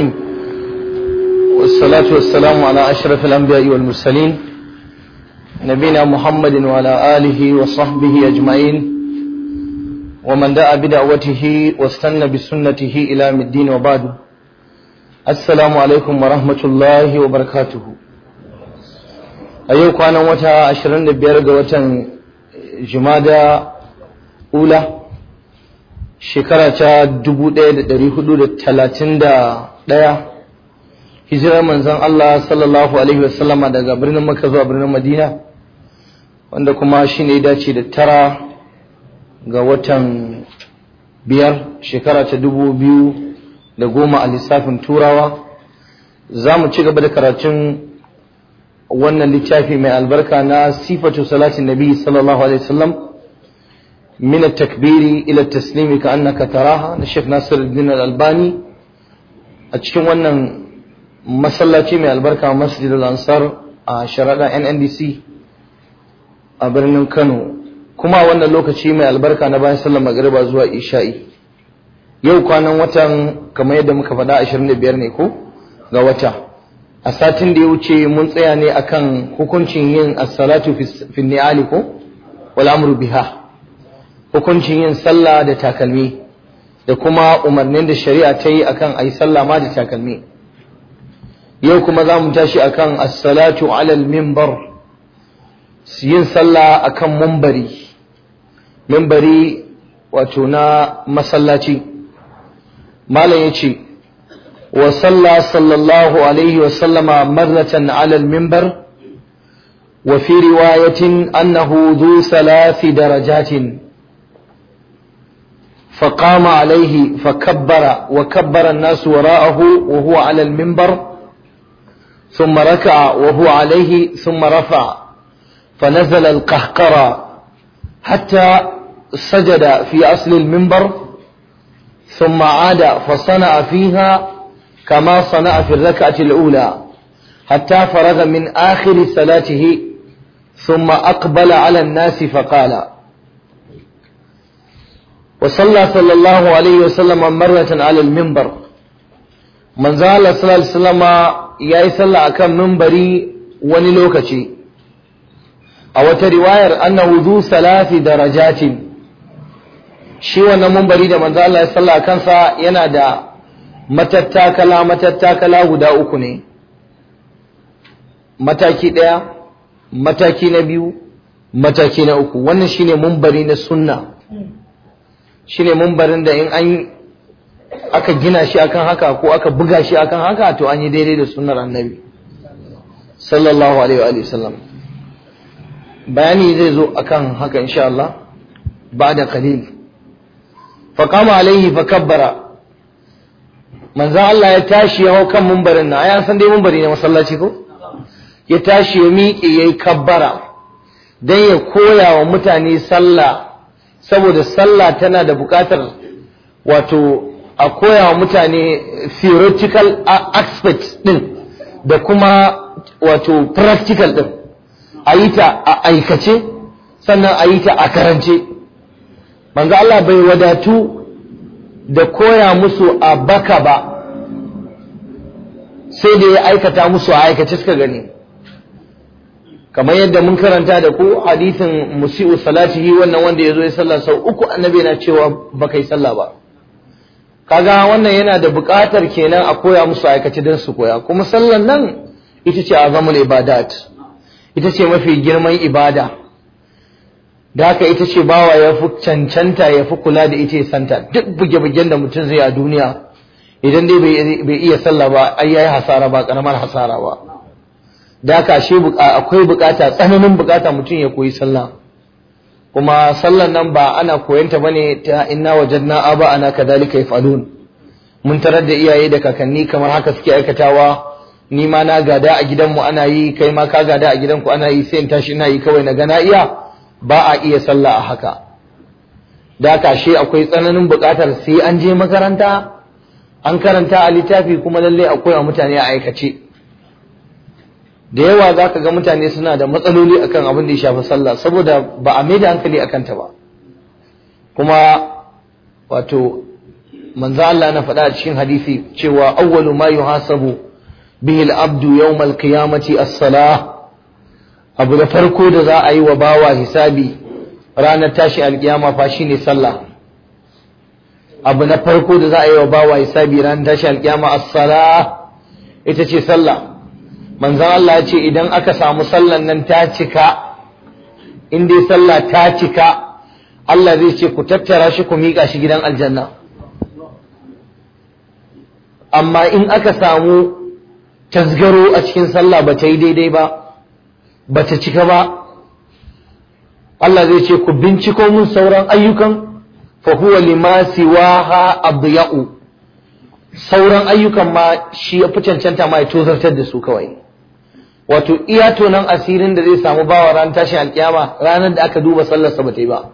الرحيم والصلاة والسلام على أشرف الأنبياء والمرسلين نبينا محمد وعلى آله وصحبه أجمعين ومن دعا بدعوته واستنى بسنته إلى الدين وبعد السلام عليكم ورحمة الله وبركاته أيوك أنا وتا عشرين بيرد وتا جمادة أولى shekara ta 1437 ɗaya hijirar manzon Allah sallallahu alaihi wasallama daga birnin Makka zuwa birnin Madina wanda kuma shi ne dace da tara ga watan biyar shekara ta dubu biyu da goma a lissafin turawa za mu ci gaba da karatun wannan littafi mai albarka na sifatu salatin nabi sallallahu alaihi wasallam min at-takbiri ila at-taslimi ka annaka taraha na Sheikh Nasiruddin Al-Albani a cikin wannan masallaci mai albarka al ansar a sharaɗa nndc a birnin kano kuma wannan lokaci mai albarka na bayan sallar magariba zuwa isha'i yau kwanan watan kamar yadda muka faɗa 25 ne ko ga wata a satin da ya wuce mun tsaya ne a kan hukuncin yin as-salatu fi ko wal biha hukuncin yin sallah da takalmi da kuma umarnin da shari'a ta yi akan ayi sallah ma da takalmi yau kuma za mu tashi akan as-salatu alal mimbar yin sallah akan mumbari mimbari wato na masallaci malam yace wa sallah sallallahu alaihi wa sallama marratan alal mimbar wa fi riwayatin annahu dhu thalathi darajatin فقام عليه فكبر وكبر الناس وراءه وهو على المنبر ثم ركع وهو عليه ثم رفع فنزل القهقرى حتى سجد في أصل المنبر ثم عاد فصنع فيها كما صنع في الركعة الأولى حتى فرغ من آخر صلاته ثم أقبل على الناس فقال وصلى صلى الله عليه وسلم مرة على المنبر من زال صلى الله عليه وسلم يا صلى أكم منبري ونلوكتي أو ترواية أنه ذو ثلاث درجات shi wannan mumbari da manzo Allah ya salla a kansa yana da matattakala matattakala guda uku ne mataki ɗaya mataki na biyu mataki na uku wannan shine mumbari na sunna shine mumbarin da in an aka gina shi akan haka ko aka buga shi akan haka to an yi daidai da sunnar annabi sallallahu alaihi wa sallam bayani zai zo akan haka insha Allah ba'da qalil fa qama alaihi fa kabbara manzo Allah ya tashi ya hau kan mumbarin nan ai san dai mumbari ne masallaci ko ya tashi ya miƙe yayi kabbara dan ya koya wa mutane sallah saboda sallah tana da buƙatar wato a koya wa mutane theoretical aspects din da kuma wato practical din a yi ta a aikace sannan a yi ta a karance manzo Allah bai wadatu da koya musu a baka ba sai da ya aikata musu a aikace suka gani kamar yadda mun karanta da ku hadisin musi'u salatihi wannan wanda ya zo ya sallah sau uku annabi na cewa ba kai sallah ba kaga wannan yana da buƙatar kenan a koya musu aikace don su koya kuma sallan nan ita ce azamul ibadat ita ce mafi girman ibada da haka ita ce bawa ya fi cancanta ya fi kula da ita ya santa duk buge-bugen da mutum zai a duniya idan dai bai iya sallah ba ai yayi hasara ba karamar hasara ba da haka akwai bukata tsananin bukata mutum ya koyi sallah kuma sallan nan ba ana koyanta bane ta inna wajadna aba ana kadhalika yaf'alun mun tarar da iyaye da kakanni kamar haka suke aikatawa ni ma na gada a gidanmu ana yi kai ma ka gada a gidanku ana yi sai in tashi ina yi kawai na gana iya ba a iya sallah a haka da kashe akwai tsananin buƙatar sai an je makaranta an karanta a littafi kuma lallai akwai a mutane a aikace da yawa za ka ga mutane suna da matsaloli akan abin da ya shafi sallah saboda ba a maida hankali akan ta ba kuma wato manzo Allah na faɗa a cikin hadisi cewa awwalu ma yuhasabu bihi al-abdu yawm al-qiyamati as-salah abu da farko da za a yi wa bawa hisabi ranar tashi alkiyama fa shine sallah abu na farko da za a yi wa bawa hisabi ranar tashi alkiyama as-salah ita ce sallah manzan Allah ya ce idan aka samu sallan nan ta cika in dai sallah ta cika Allah zai ce ku tattara shi ku miƙa shi gidan aljanna amma in aka samu tasgaro a cikin sallah ba ta yi daidai ba ba ta cika ba Allah zai ce ku binciko mun sauran ayyukan fa huwa lima siwaha Ya'u. sauran ayyukan ma shi ya fi cancanta ma ya tozartar da su kawai wato iya tonan asirin da zai samu bawa ran tashin alkiyama ranar da aka duba sallar sa bata yi ba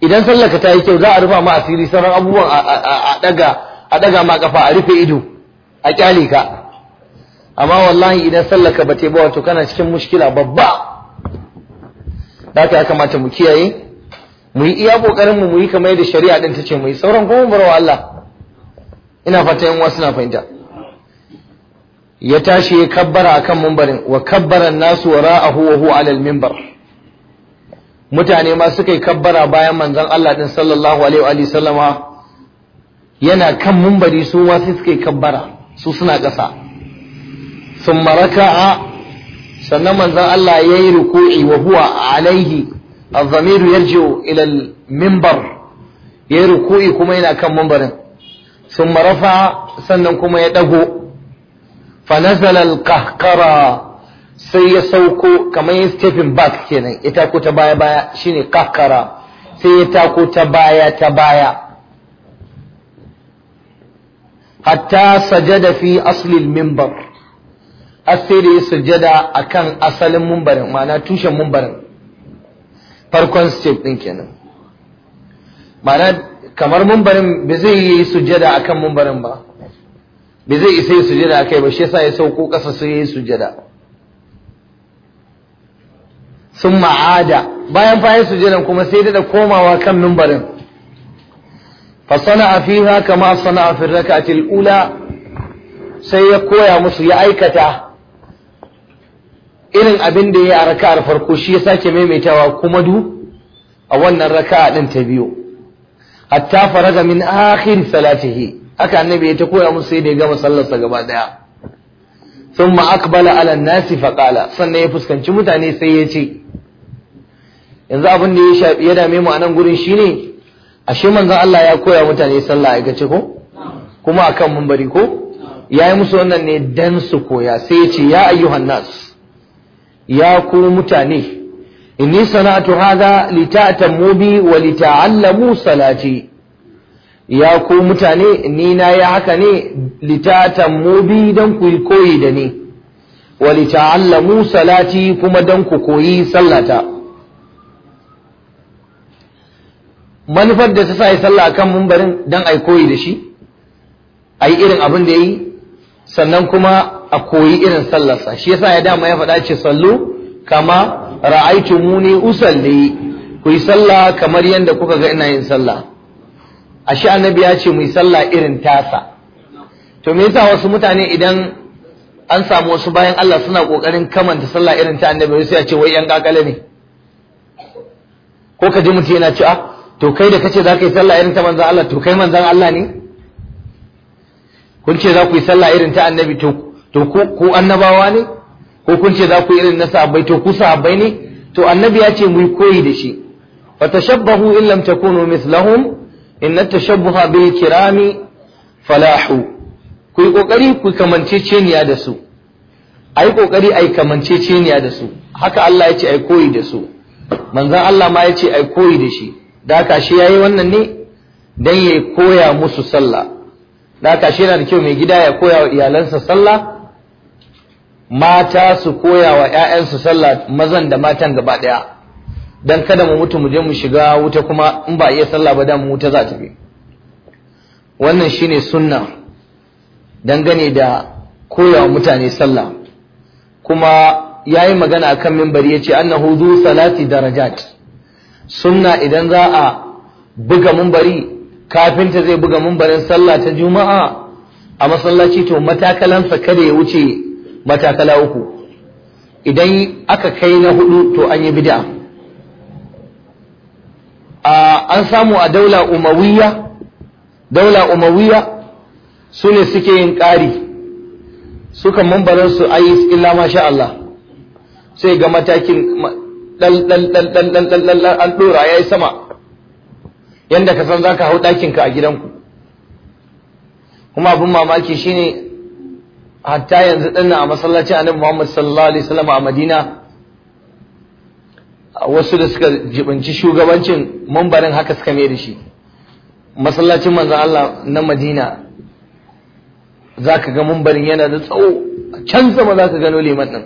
idan sallar ka ta yi kyau za a rufa ma asiri sauran abubuwan a daga a daga ma kafa a rufe ido a kyale ka amma wallahi idan sallar ka bata yi ba wato kana cikin mushkila babba da ya kamata mu kiyaye mu yi iya kokarin mu mu yi kamar yadda shari'a din ta ce mu yi sauran kuma barwa Allah ina fata yan wasu suna fahimta ya tashi ya kabbara akan mimbarin wa kabbara nasu ra'ahu wa huwa alal mimbar mutane ma suka yi kabbara bayan manzon Allah din sallallahu alaihi wa sallama yana kan mimbari su ma sai suka yi kabbara su suna ƙasa thumma raka'a sannan manzon Allah yayi ruku'i wa huwa alaihi al يرجع yayi ruku'i kuma yana kan mimbarin sun marafa sannan kuma ya dago fanazal al sai ya sauko kamar yin stepping back kenan ya tako ta baya baya shine kahkara sai ya tako ta baya ta baya hatta sajada fi asli al-minbar sai da ya sujada akan asalin mumbarin ma'ana tushen mumbarin farkon step din kenan ma'ana kamar mumbarin ba zai yi sujada kan mumbarin ba bai zai isa yin sujada a kai ba shi yasa ya sauko ƙasa sun ya yi sujada sun ma'ada bayan bayan sujadan kuma sai daɗa komawa kan numbarin fasana a fiha kama sana a firrakatil ula sai ya koya musu ya aikata irin abin da ya yi a raka'ar farko shi ya sake maimaitawa kuma du a wannan raka'a ɗin ta biyu hatta faraga min akhir salatihi aka annabi ya ta koya musu sai da ya gama sallarsa gaba daya thumma aqbala ala nasi qala sannan ya fuskanci mutane sai ya ce yanzu abin da ya shafi ya dame mu a nan gurin shine ashe manzon Allah ya koya mutane sallah aikace ko kuma akan mumbari ko yayi musu wannan ne dan su koya sai ya ce ya ayyuhan nas ya ku mutane inni sana'atu hadha lita'tamu bi wa lita'allamu salati ya ku mutane ni na yi haka ne litatan Mubi don ku koyi da ni wa salati kuma don ku koyi sallata manufar da ta sa yi sallah kan mumbarin don a yi koyi da shi a yi irin abin da ya yi sannan kuma a koyi irin sallarsa shi yasa ya dama ya faɗa ce sallu kama ra'aitu muni usalli ku yi sallah kamar yadda kuka ga ina yin sallah ashe annabi ya ce mu sallah irin tasa to me yasa wasu mutane idan an samu wasu bayan Allah suna kokarin kamanta sallah irin ta annabi sai ya ce wai yan gagale ne ko ka ji mutum yana cewa to kai da kace za ka yi sallah irin ta manzon Allah to kai manzon Allah ne kun ce za ku yi sallah irin ta annabi to to ku ku annabawa ne ko kun ce za ku yi irin na sahabbai to ku sahabbai ne to annabi ya ce mu yi koyi da shi fatashabbahu in lam takunu mithlahum inna tashabbuha bil kirami falahu ku yi kokari ku da su ai kokari ai ceniya da su haka Allah ya ce ai koyi da su manzon Allah ma ya ce ai koyi da shi da haka shi yayi wannan ne dan ya koya musu sallah da haka shi yana da kyau mai gida ya koya wa iyalansa sallah mata su koya wa 'ya'yansu sallah mazan da matan gaba ɗaya dan kada mu mutu mu je mu shiga wuta kuma in ba a iya sallah ba da mu wuta za ta bi wannan shine sunna dangane da koyawa mutane sallah kuma yayi magana akan minbari yace annahu zu salati darajat sunna idan za a buga minbari kafinta zai buga minbarin sallah ta juma'a a masallaci to matakalansa kada ya wuce matakala uku idan aka kai na hudu to an yi bid'a an samu a daula umawiya daula umawiya su ne suke yin ƙari suka mambarin su ayi illa masha Allah sai ga matakin dal dal dal dal dal dal dal an dora yayi sama yanda ka san zaka hau ɗakinka ka a gidanku kuma abin mamaki shine hatta yanzu dinnan a masallacin Annabi Muhammad sallallahu alaihi wasallam a Madina wasu da suka jibinci shugabancin mambarin haka suka mai da shi masallacin manzan Allah na Madina za ka ga mambarin yana da tsawo can sama za ka gano liman ɗin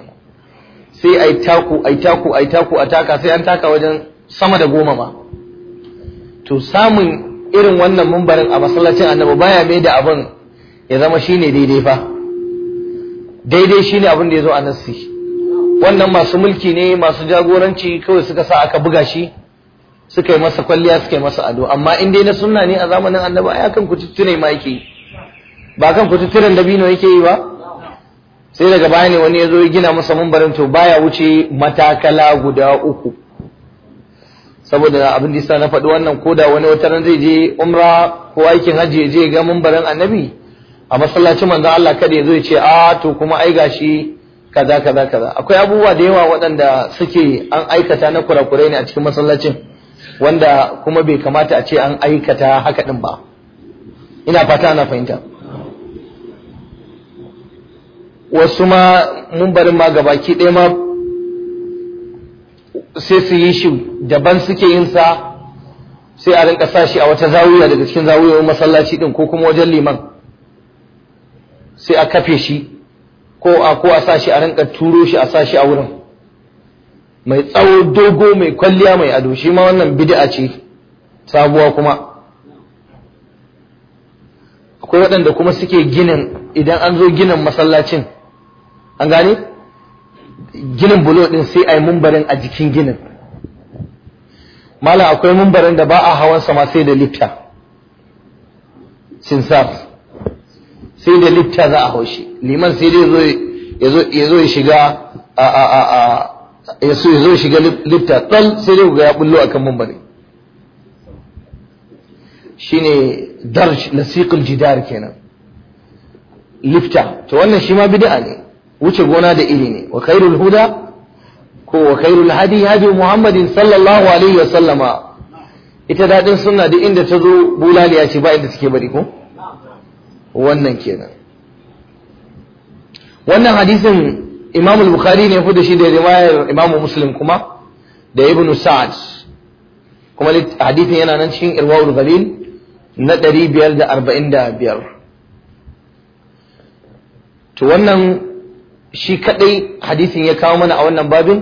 sai a yi taku a yi taku a yi taku a taka sai an taka wajen sama da goma ma to samun irin wannan mambarin a masallacin annabi baya mai da abin ya zama shine daidai fa daidai shine abin da ya zo a nassi wannan masu mulki ne masu jagoranci kawai suka sa aka buga shi suka yi masa kwalliya suka yi masa ado amma in dai na sunna ne a zamanin annaba ya kan kututtune ma yake yi ba kan da dabino yake yi ba sai daga baya ne wani ya zo gina masa mumbarin to baya wuce matakala guda uku saboda abin da na faɗi wannan ko da wani wata ran zai je umra ko aikin hajji ya je ga mumbarin annabi a masallacin manzo Allah kada ya zo ya ce a ah, to kuma ai gashi kaza kaza kaza akwai abubuwa da yawa waɗanda suke an aikata na kurakurai ne a cikin masallacin wanda kuma bai kamata a ce an aikata haka din ba ina fata ana fahimta wasu ma mun barin ma gabaki ɗaya ma sai su yi shi daban suke yin sa sai a rinka sa shi a wata zawiya daga cikin zawiyoyin masallaci din ko kuma wajen liman sai a kafe shi ko a ko a sashi a rinka turo shi a sashi a wurin mai tsawo dogo mai kwalliya mai ado shi ma wannan bid'a ce sabuwa kuma akwai waɗanda kuma suke ginin idan an zo ginin masallacin an gane ginin bulo ɗin sai a yi mumbarin a jikin ginin malam akwai mumbarin da ba a hawan sama sai da lifta sinsaf sai da litta za a haushi liman sai dai ya zo ya shiga ya so ya zo shiga litta ɗan sai dai ga ya bullo akan mambari shine darj lasiqul jidar kenan lifta to wannan shi ma bid'a ne wuce gona da iri ne wa khairul huda ko wa khairul hadi hadi muhammadin sallallahu alaihi wa sallama ita dadin sunna da inda ta zo bulaliya ce ba inda take bari ko wannan kenan wannan hadisin Imam bukhari ne da shi da riwayar Imam Muslim kuma da Ibn Sa'ad kuma hadisin yana nan cikin Irwaul Ghalil na 545 to wannan shi kadai hadisin ya kawo mana a wannan babin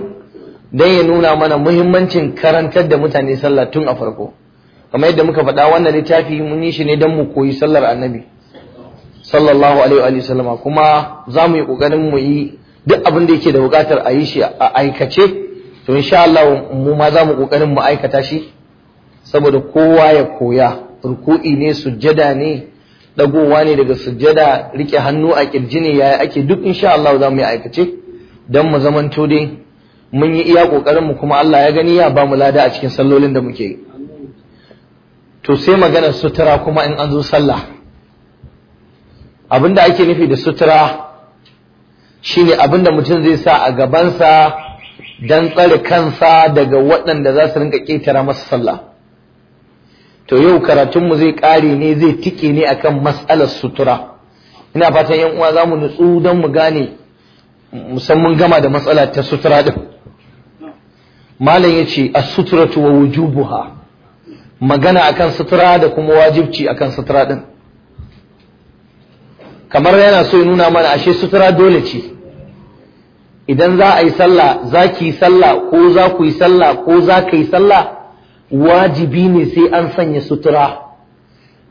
dan ya nuna mana muhimmancin karantar da mutane sallah tun a farko kamar yadda muka faɗa wannan littafi mun yi shi ne dan mu koyi sallar annabi sallallahu alaihi wa sallama kuma za mu yi ƙoƙarin mu yi duk abin da yake da buƙatar a yi shi a aikace to insha Allah mu ma za mu ƙoƙarin mu aikata shi saboda kowa ya koya ruku'i ne sujjada ne dagowa ne daga sujjada rike hannu a kirji ne yaya ake duk insha Allah za mu yi aikace dan mu zamanto dai mun yi iya ƙoƙarin mu kuma Allah ya gani ya ba mu lada a cikin sallolin da muke to sai magana sutura kuma in an zo sallah abinda ake nufi da sutura shine abinda mutum zai sa a gabansa don tsare kansa daga waɗanda za su rinka ƙetara masa sallah to yau karatunmu zai ƙare ne zai tike ne akan matsalar sutura ina fatan yan uwa za mu nutsu don mu gane musamman gama da matsala ta sutura ɗin malam ya ce a sutura wa wujubuha magana akan sutura da kuma wajibci akan sutura ɗin kamar yana so ya nuna mana ashe sutura dole ce idan za a yi sallah za ki sallah ko za ku yi sallah ko za ka yi sallah wajibi ne sai an sanya sutura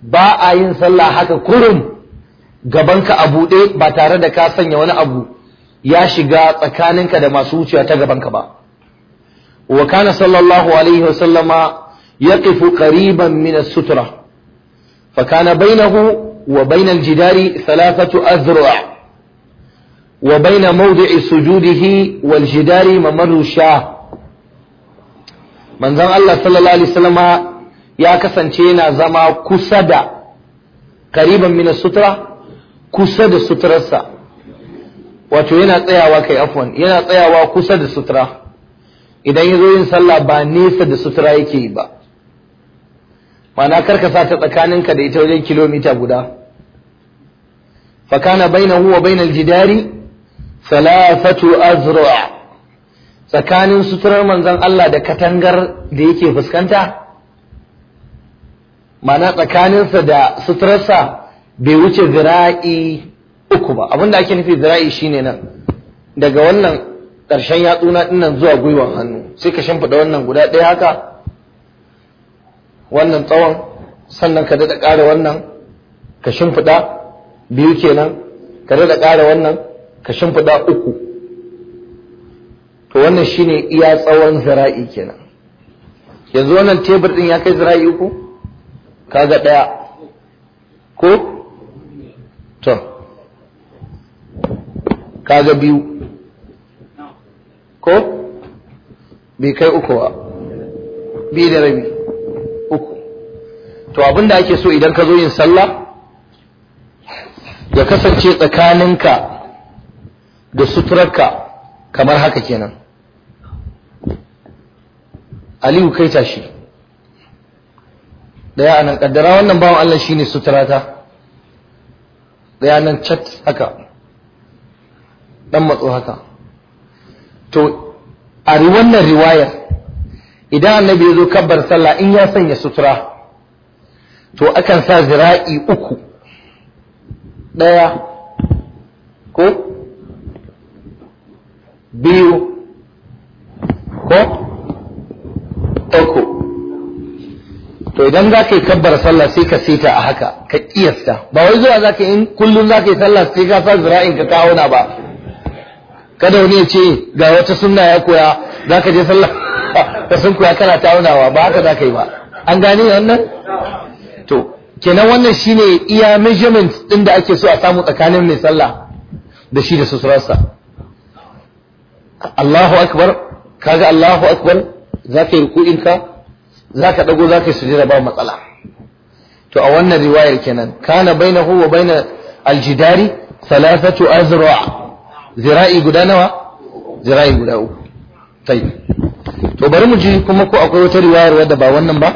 ba a yin sallah haka kurum gabanka a buɗe ba tare da ka sanya wani abu ya shiga tsakaninka da masu wucewa ta gabanka ba wa kana sallallahu alaihi wasallama yaqifu qariban min as-sutra fa kana bainahu وبين الجدار ثلاثة أذرع وبين موضع سجوده والجدار ممر شاه من زم الله صلى الله عليه وسلم ya kasance yana zama kusa da kariban mina sutura kusa da suturarsa wato yana tsayawa kai afwan yana tsayawa kusa da sutura idan ya zo yin sallah ba nesa da sutura yake yi ba ma'ana karka sa ta tsakaninka da ita wajen kilomita guda fakana baina Huwa baina jidari salafatu azra' tsakanin suturar manzon Allah da katangar da yake fuskanta ma'ana tsakaninsa da suturarsa bai wuce zira'i uku ba abinda ake nufi zira'i shine nan daga wannan ƙarshen yatsuna dinnan zuwa gwiwan hannu sai ka shimfiɗa wannan guda ɗaya haka wannan tsawon sannan ka daɗa ƙara wannan ka shimfiɗa biyu kenan ka daɗa ƙara wannan ka shimfiɗa uku to wannan shine iya tsawon zira'i kenan yanzu wannan tebur ɗin ya kai zira'i uku kaga ɗaya ko to kaga biyu ko bai kai uku ba biyu da rabi to abin da ake so idan ka zo yin sallah ya kasance tsakaninka da suturarka kamar haka kenan aliyu kai tashi daya anan kaddara wannan bawan Allah shine suturata daya nan chat haka dan matso haka to a wannan riwayar idan annabi ya zo kabbar sallah in ya sanya sutura to akan sa zira'i uku ɗaya ko biyu ko uku to idan za ka yi kabbar sallah sai ka sita a haka ka kiyasta ba wai zuwa za ka yi kullum za ka yi sallah sai ka sa zira'in ka kawo na ba kada wani ya ce ga wata sunna ya koya za ka je sallah ka sun koya kana taunawa ba haka za ka yi ba an gane wannan kenan wannan shine iya measurement din da ake so a samu tsakanin mai sallah da shi da suturarsa Allahu akbar kaga Allahu akbar zaka yi ka zaka dago zaka yi sujjada ba matsala to a wannan riwayar kenan kana bainahu wa bainal aljidari thalathatu azra zira'i guda nawa zira'i guda uku tayi to bari mu ji kuma ko akwai wata riwayar wadda ba wannan ba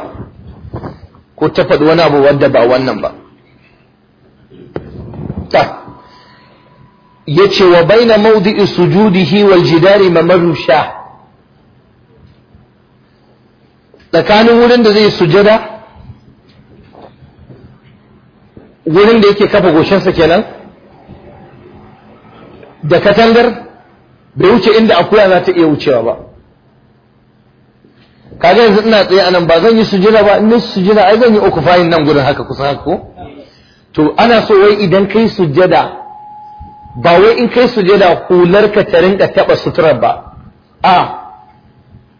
ko ta faɗi wani abu wadda ba wannan ba ta ce wa baina isu judi wal jidari mamaru sha tsakanin wurin da zai sujada wurin da yake kafa goshinsa kenan da katangar bai wuce inda akuya za ta iya wucewa ba ga yanzu ina tsaye anan ba zan yi sujjada ba in sujjada ai zan yi uku fayin nan gurin haka kusa haka ko to ana so wai idan kai sujada, ba wai in kai sujada hular ka ta rinka taba suturar ba a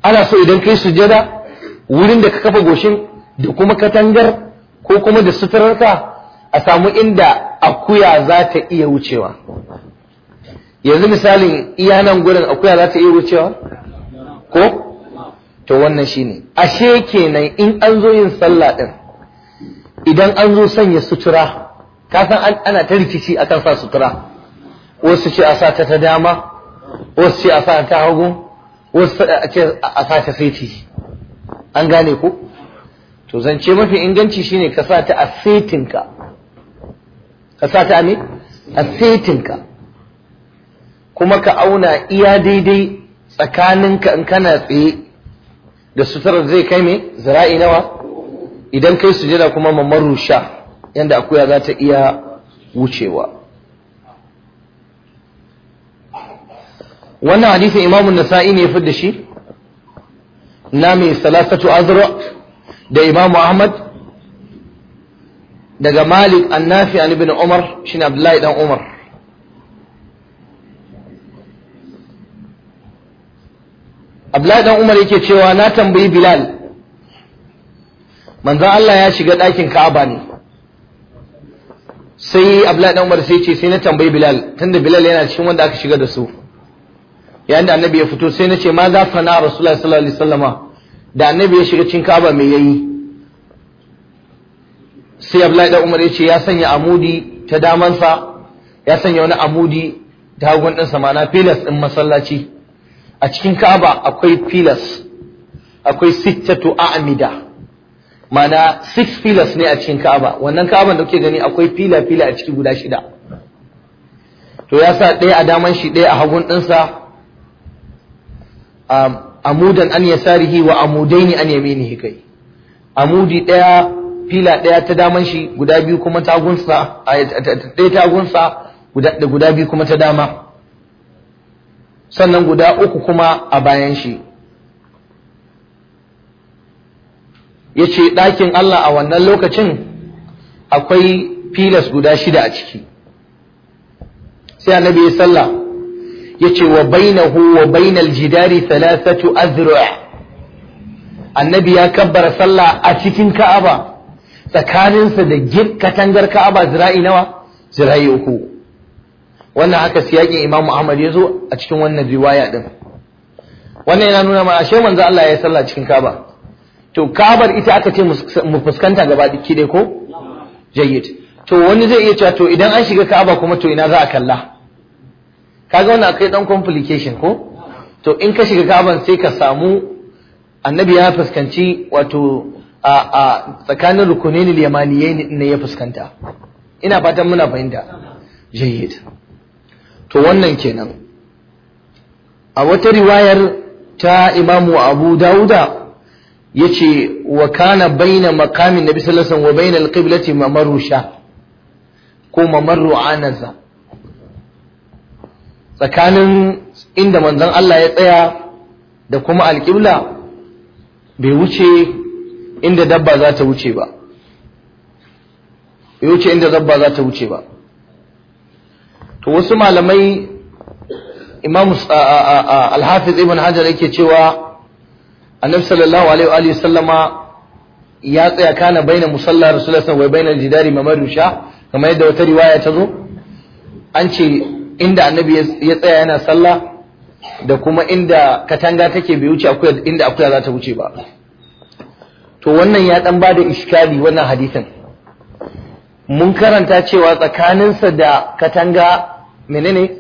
ana so idan kai sujada wurin da ka kafa goshin da kuma katangar ko kuma da ka a samu inda akuya za ta iya wucewa yanzu misalin iya nan gurin akuya za ta iya wucewa ko to wannan shine ashe kenan in an zo yin sallah din idan an zo sanya sutura ka san ana ta rikici akan sa sutura wasu ce a sa ta ta dama wasu ce a sa ta hagu wasu ce a sa ta seti an gane ku to zance mafi inganci shine ka sa ta a setinka ka sa ta a a setinka kuma ka auna iya daidai tsakaninka in kana tsaye da suturar zai kai mai zira'i nawa idan kai sujada kuma mamaru sha yanda akuya za ta iya wucewa wannan hadisin imamun nasa'i ne ya da shi na mai salasatu azra da imamu ahmad daga malik annafi an ibn umar shine abdullahi dan umar Abdullahi dan Umar yake cewa na tambayi Bilal manzon Allah ya shiga ɗakin Ka'aba ne sai Abdullahi dan Umar sai ce sai na tambayi Bilal tunda Bilal yana cikin wanda aka shiga da su yayin da annabi ya fito sai na ce ma za fa na Rasulullahi sallallahu alaihi wasallama da annabi ya shiga cikin Ka'aba me yayi sai Abdullahi dan Umar ya ce ya sanya amudi ta damansa ya sanya wani amudi ta hagun ɗinsa ma'ana filas ɗin masallaci a cikin Ka'aba akwai pillars akwai sittatu a'mida mana six pillars ne a cikin Ka'aba wannan Ka'aban da kuke gani akwai fila fila a ciki guda shida to ya sa ɗaya a daman shi ɗaya a hagun ɗinsa amudan an yasarihi wa amudaini an yaminihi kai amudi ɗaya fila ɗaya ta daman shi guda biyu kuma ta hagunsa ɗaya ta hagunsa guda biyu kuma ta dama sannan guda uku kuma a bayan shi ya ce ɗakin Allah a wannan lokacin akwai filas guda shida a ciki sai annabi ya sallah ya ce wa bainahu wa bainal jidari thalathatu azra' annabi ya kabbara sallah a cikin ka'aba tsakaninsa da katangar ka'aba zira'i nawa zira'i uku wannan aka siyakin Imam Ahmad ya zo a cikin wannan riwaya din wannan yana nuna mana ashe manzo Allah ya sallah cikin Kaaba to Ka'abar ita aka ce mu fuskanta gaba ki dai ko jayyid to wani zai iya cewa to idan an shiga Ka'aba kuma to ina za a kalla kaga wannan akwai dan complication ko to in ka shiga Ka'aban sai ka samu annabi ya fuskanci wato a a tsakanin rukunin yamaniyai ne ya fuskanta ina fatan muna fahimta jayyid to wannan kenan a wata riwayar ta imamu abu dauda ya ce wa kana baina makamin nabi sallasan wa baina alƙiblati mamaru sha ko mamaru anaza tsakanin inda manzon Allah ya tsaya da kuma alƙibla bai wuce inda dabba za ta wuce ba bai wuce inda dabba za ta wuce ba wasu malamai imam al-hafiz ibn hajar yake cewa annabi sallallahu alaihi wa sallama ya tsaya kana baina musalla rasulullahi sallallahu alaihi wa jidari mamarusha kamar yadda wata riwaya ta zo an ce inda annabi ya tsaya yana sallah da kuma inda katanga take bai wuce inda akuya za ta wuce ba to wannan ya dan bada iskali wannan hadisin mun karanta cewa tsakaninsa da katanga menene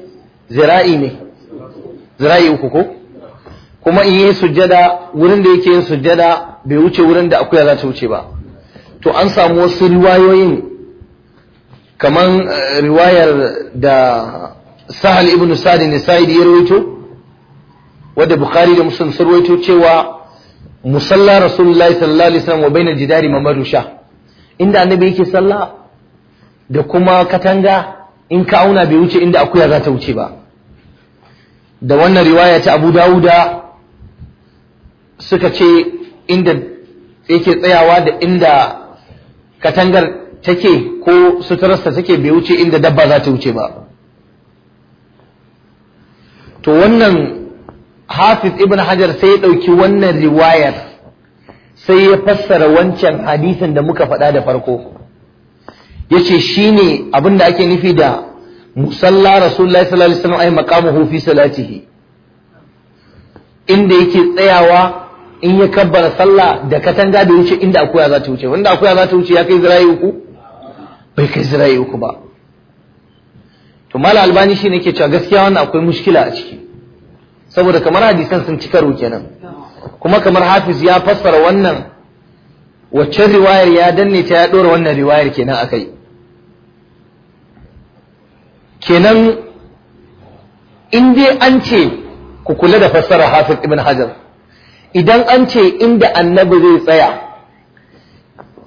zira'i ne zira'i uku ko kuma in yi sujjada wurin da yake yin sujjada bai wuce wurin da akuya za ta wuce ba to an samu wasu riwayoyin kaman eh, riwayar da sahal Ibnu Sadi ne sa'id ya rawaito wadda bukhari da muslim sun rawaito cewa musalla rasulullahi sallallahu alaihi wasallam wa bainal jidari sha, inda annabi yake sallah da kuma katanga in ka auna bai wuce inda akuya za ta wuce ba da wannan riwaya ta abu dawuda suka ce inda yake tsayawa da inda katangar take ko suturarsa take bai wuce inda dabba za ta wuce ba to wannan hafiz ibn hajar sai ya ɗauki wannan riwayar sai ya fassara wancan hadisin da muka faɗa da farko yace shine abin da ake nufi da musalla rasulullahi sallallahu alaihi wasallam ay maqamuhu fi salatihi inda yake tsayawa in ya kabbara sallah da katanga da wuce inda akuya za ta wuce wanda akuya za ta wuce ya kai zirayi uku bai kai zirayi uku ba to mal albani shi ne ke cewa gaskiya wannan akwai mushkila a ciki saboda kamar hadisan sun ci karo kenan kuma kamar hafiz ya fassara wannan wacce riwayar ya danne ta ya dora wannan riwayar kenan akai kenan inda an ce ku kula da fassara hafiz ibn hajar idan an ce inda annabi zai tsaya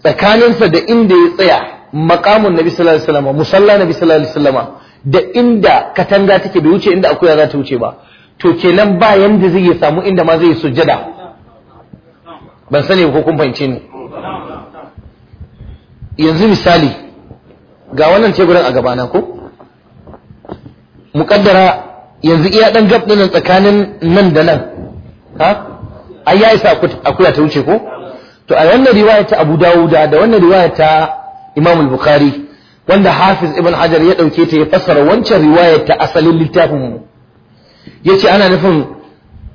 tsakaninsa da inda ya tsaya makamun nabi sallallahu alaihi wasallam musalla nabi sallallahu alaihi wasallam da inda katanga take bai wuce inda akuya za ta wuce ba to kenan ba yanda zai ya samu inda ma zai sujjada ban sani ko kun fahimce ni yanzu misali ga wannan teburin a gabana ko Mukaddara yanzu iya ɗan gab din tsakanin nan da nan ha ai ya isa akuya ta wuce ko to a wannan riwaya ta Abu Dawud da wannan riwaya ta Imam al-Bukhari wanda Hafiz Ibn Hajar ya dauke ta ya fassara wancan riwaya ta asalin littafin mu yace ana nufin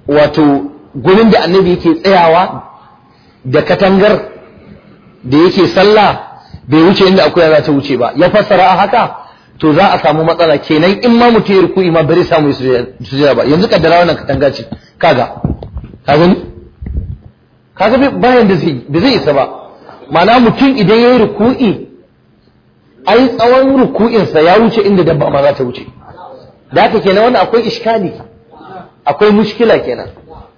wato gurin da Annabi yake tsayawa da katangar da yake sallah bai wuce inda akuya za ta wuce ba ya fassara a haka to za a samu matsala kenan in ma mutum ya ruku'i ma bari samu sujada ba yanzu kaddara wannan katanga ce kaga ka gani kaga bayan da zai ba zai isa ba ma'ana mutum idan ya yi ruku'i ai tsawon ruku'insa ya wuce inda dabba ma za ta wuce da haka kenan wannan akwai iskali akwai mushkila kenan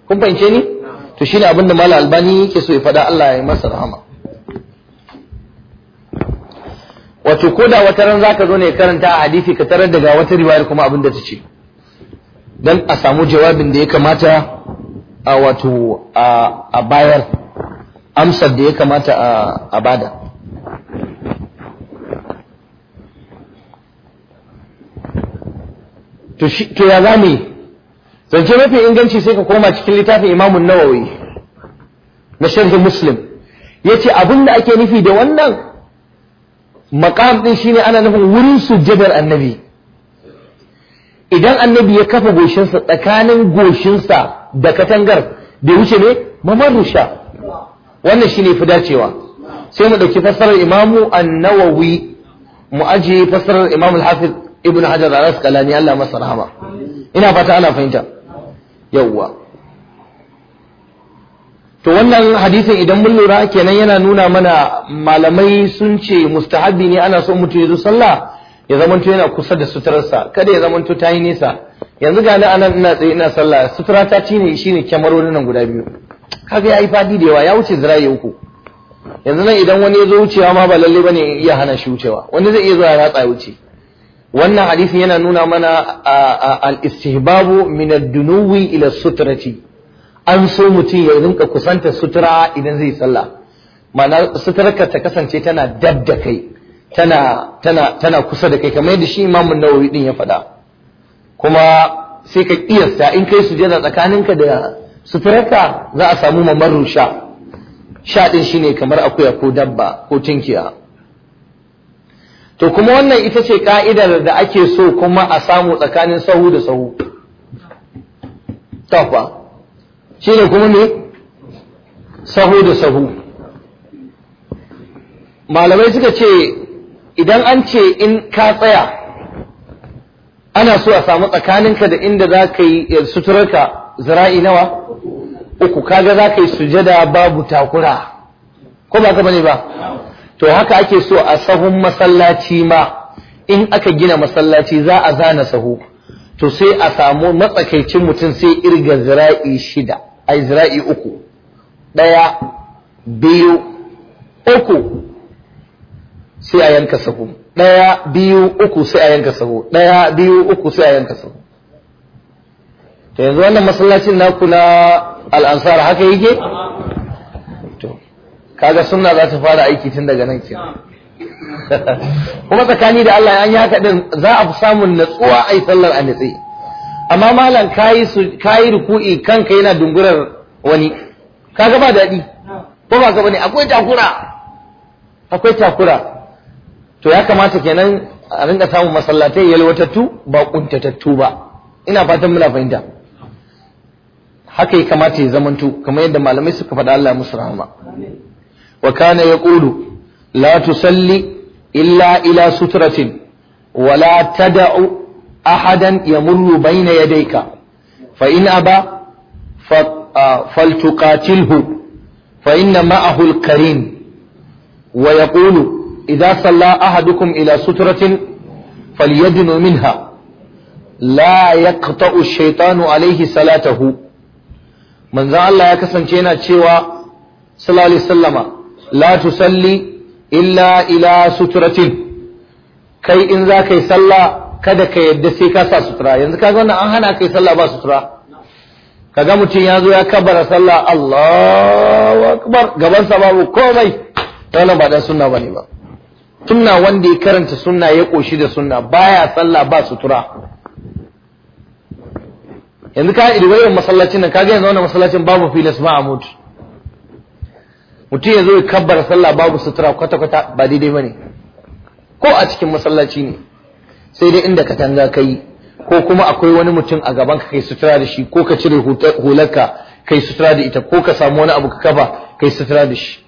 kun fahimce ni to shine abin da malam albani yake so ya faɗa Allah ya yi masa rahama wato ko da wata ran zaka zo ne karanta a hadisi ka tarar daga wata riwayar kuma abin da ta ce dan a samu jawabin da ya kamata a wato a bayar amsar da ya kamata a bada to shi to ya zame zance mafi inganci sai ka koma cikin littafin imamun nawawi na sharhi muslim yace abin da ake nufi da wannan ɗin shi shine ana nufin wurin sujjadar annabi idan annabi ya kafa goshinsa tsakanin goshinsa da katangar bai wuce ne sha. wannan shine fi dacewa sai mu ɗauki fassarar imamu an-nawawi mu aje fassarar imam al-hafiz ibn hajar al-asqalani Allah masa rahama ina fata ana fahimta yawwa to wannan hadisin idan mun lura kenan yana nuna mana malamai sun ce mustahabi ne ana so mutum ya zo sallah ya zamanto yana kusa da suturarsa kada ya zamanto ta yi nesa yanzu gani anan ina tsaye ina sallah sutura ta ci ne shine kyamarorin nan guda biyu kaga yayi fadi da yawa ya wuce zirayi uku yanzu nan idan wani ya zo wucewa ma ba lalle bane iya hana shi wucewa wani zai iya zuwa ya ratsa wuce wannan hadisin yana nuna mana al-istihbabu min ad-dunuwi ila sutrati an so mutum ya rinka kusanta sutura idan zai sallah ma'ana suturarka ta kasance tana dab kai tana kusa da kai kamar yadda shi imamu nawawi din ya faɗa kuma sai ka kiyasta in kai sujada tsakaninka da suturarka za a samu mamarru sha sha ɗin shine kamar akuya ko dabba ko tinkiya to kuma wannan ita ce ka'idar da ake so kuma a samu tsakanin sahu da sahu tafa shi ne kuma ne sahu da sahu malamai suka ce idan an ce in ka tsaya ana so a samu tsakaninka da inda za ka yi eh, suturarka zira'i nawa uku kaga za ka yi sujada babu takura ko ba ka bane ba to haka ake so a sahun masallaci ma in aka gina masallaci za a zana sahu to sai a samu matsakaicin mutum sai irga zira'i shida a uku ɗaya biyu uku sai a yanka sahu ɗaya biyu uku sai a yanka sahu ɗaya biyu uku sai a yanka sahu to yanzu wannan masallacin naku na al'ansar haka yake to kaga sunna za ta fara aiki tun daga nan kenan kuma tsakani da Allah an yi haka din za a fi samun natsuwa ai sallar a natsi amma malam kayi su kayi ruku'i kanka yana dungurar wani kaga ba daɗi ko ba ka bane akwai takura akwai takura to ya kamata kenan a rinka samun masallatai yalwatattu ba kuntatattu ba ina fatan muna fahimta haka ya kamata ya zamantu kamar yadda malamai suka faɗa Allah musu rahama wa kana yaqulu la tusalli illa ila sutratin wa la tad'u ahadan ya murru bai na yadai ka fa’in a ba faltukatilhu fa’in na ma’ahul karin wa ya ƙulu idan salla ahadukum ila suturatin falyadino minha la ya shaitanu alaihi salatahu manzan Allah ya kasance yana cewa salali sallama la tusalli illa ila suturatin kai in za ka yi sallah kada ka yadda sai ka sa sutura yanzu kaga wannan an hana kai sallah ba sutura kaga mutum ya zo ya kabbara sallah Allahu akbar gaban sa babu komai wannan ba dan sunna bane ba sunna wanda ya karanta sunna ya koshi da sunna baya sallah ba sutura yanzu ka irwayin masallacin nan kaga yanzu wannan masallacin babu filas ba amut mutum ya zo ya kabbara sallah babu sutura kwata kwata ba daidai bane ko a cikin masallaci ne sai dai inda katanga ka yi ko kuma akwai wani mutum a gaban ka kai sutura da shi ko ka cire hularka kai sutura da ita ko ka samu wani abu ka kafa kai sutura da shi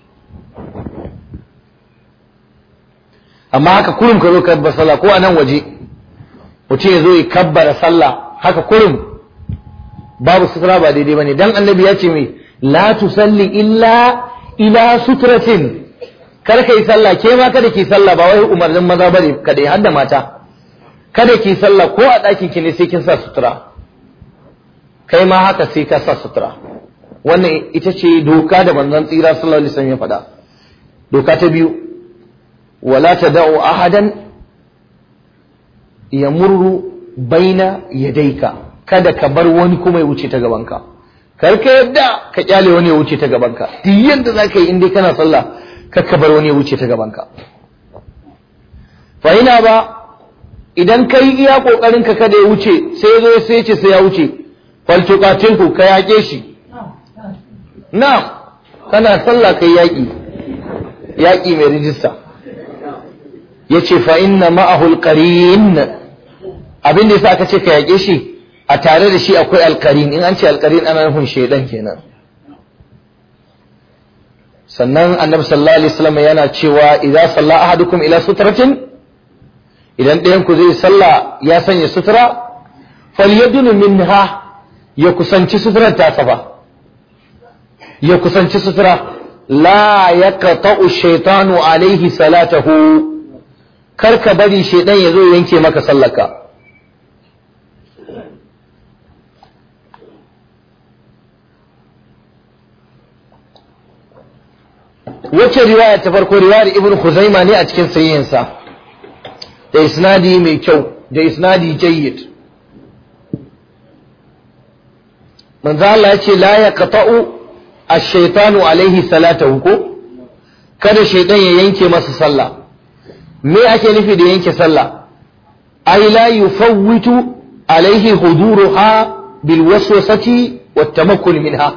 amma haka kurum ka zo kabbar sallah ko a nan waje mutum ya zo ya kabbara sallah haka kurum babu sutura ba daidai ne dan annabi ya ce me la salli illa ila sutratin kar kai sallah ke ma kada ke sallah ba wai umarnin maza bane kadai har da mata kada ki sallah ko a ɗakin ki ne sai kin sa sutura kai ma haka sai ka sa sutura wannan ita ce doka da manzon tsira sallallahu alaihi wasallam ya faɗa doka ta biyu wala tad'u ahadan yamurru baina yadayka kada ka bar wani kuma ya wuce ta gabanka kar ka yadda ka kyale wani ya wuce ta gabanka duk yanda zaka yi in dai kana sallah kar ka bar wani ya wuce ta gabanka fa ina ba idan ka yi iya kokarin ka kada ya wuce sai zo sai ce sai ya wuce faltukacin ku ka yaƙe shi na'am kana sallah kai yaƙi yaƙi mai rijista yace fa inna ma'ahu alqarin abin da yasa aka ce ka yaƙe shi a tare da shi akwai alqarin in an ce alqarin ana nufin shedan kenan sannan annabi sallallahu alaihi wasallam yana cewa idza salla ahadukum ila sutratin idan ɗayan ku zai sallah ya sanya sutura falyadunu minha ya kusanci suturar tasa ba ya kusanci sutura la yaqta'u shaitanu alaihi salatahu kar ka bari shaydan ya zo yanke maka sallaka. wacce riwaya ta farko riwayar ibn khuzaima ne a cikin sahihinsa da isnadi mai kyau da isnadi jayyid manzo Allah ya ce la yaqta'u ash-shaytanu alaihi salatahu ko kada shaytan ya yanke masa sallah me ake nufi da yanke sallah ay la yufawwitu alaihi huduruha bil waswasati wat tamakkul minha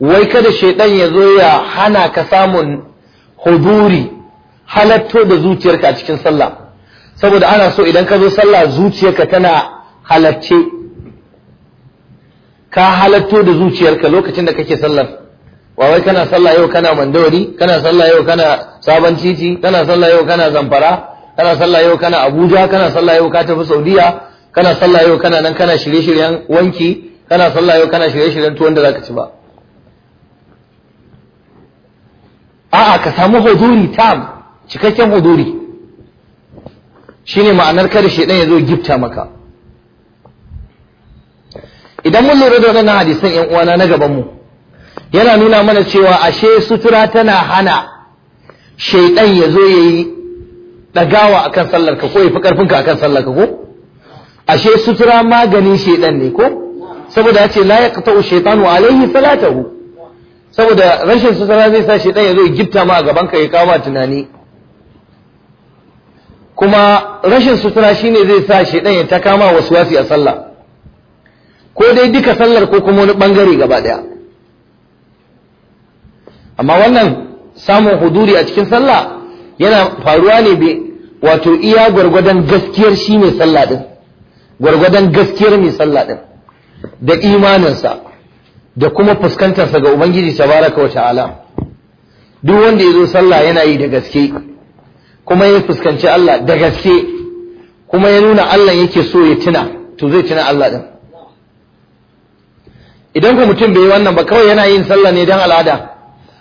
wai kada shaytan ya zo ya hana ka samun huduri halatto da zuciyarka a cikin sallah saboda ana so idan ka zo sallah zuciyarka tana halarce ka halatto da zuciyarka lokacin da kake sallar wa wai kana sallah yau kana mandawari kana sallah yau kana sabon titi kana sallah yau kana zamfara kana sallah yau kana abuja kana sallah yau ka tafi saudiya kana sallah yau kana nan kana shirye-shiryen wanki kana sallah yau kana shirye-shiryen tuwon da zaka ci ba a'a ka samu huduri tam cikakken huduri shine ma'anar kada shedan ya zo gifta maka idan mun lura da wannan hadisan yan uwana na gaban mu yana nuna mana cewa ashe sutura tana hana shaidan ya zo ya yi ɗagawa akan sallar ka ko ya fi ƙarfinka akan sallar ka ko ashe sutura maganin shaidan ne ko saboda ya ce la ya shaytanu alayhi salatahu saboda rashin sutura zai sa shaidan ya zo ya gifta ma gaban ka ya kawo tunani kuma rashin sutura shine zai sa shi ya ta kama wasu wasi a sallah ko dai duka sallar ko kuma wani bangare gaba daya amma wannan samun huduri a cikin sallah yana faruwa ne bai wato iya gwargwadon gaskiyar shi mai sallah din gwargwadon gaskiyar mai sallah din da imaninsa da kuma fuskantarsa ga ubangiji tabaraka wa ta'ala duk wanda ya zo sallah yana yi da gaske kuma ya fuskanci Allah da gaske kuma ya nuna Allah yake so ya tuna to zai tuna Allah din idan ku mutum bai yi wannan ba kawai yana yin sallah ne dan al'ada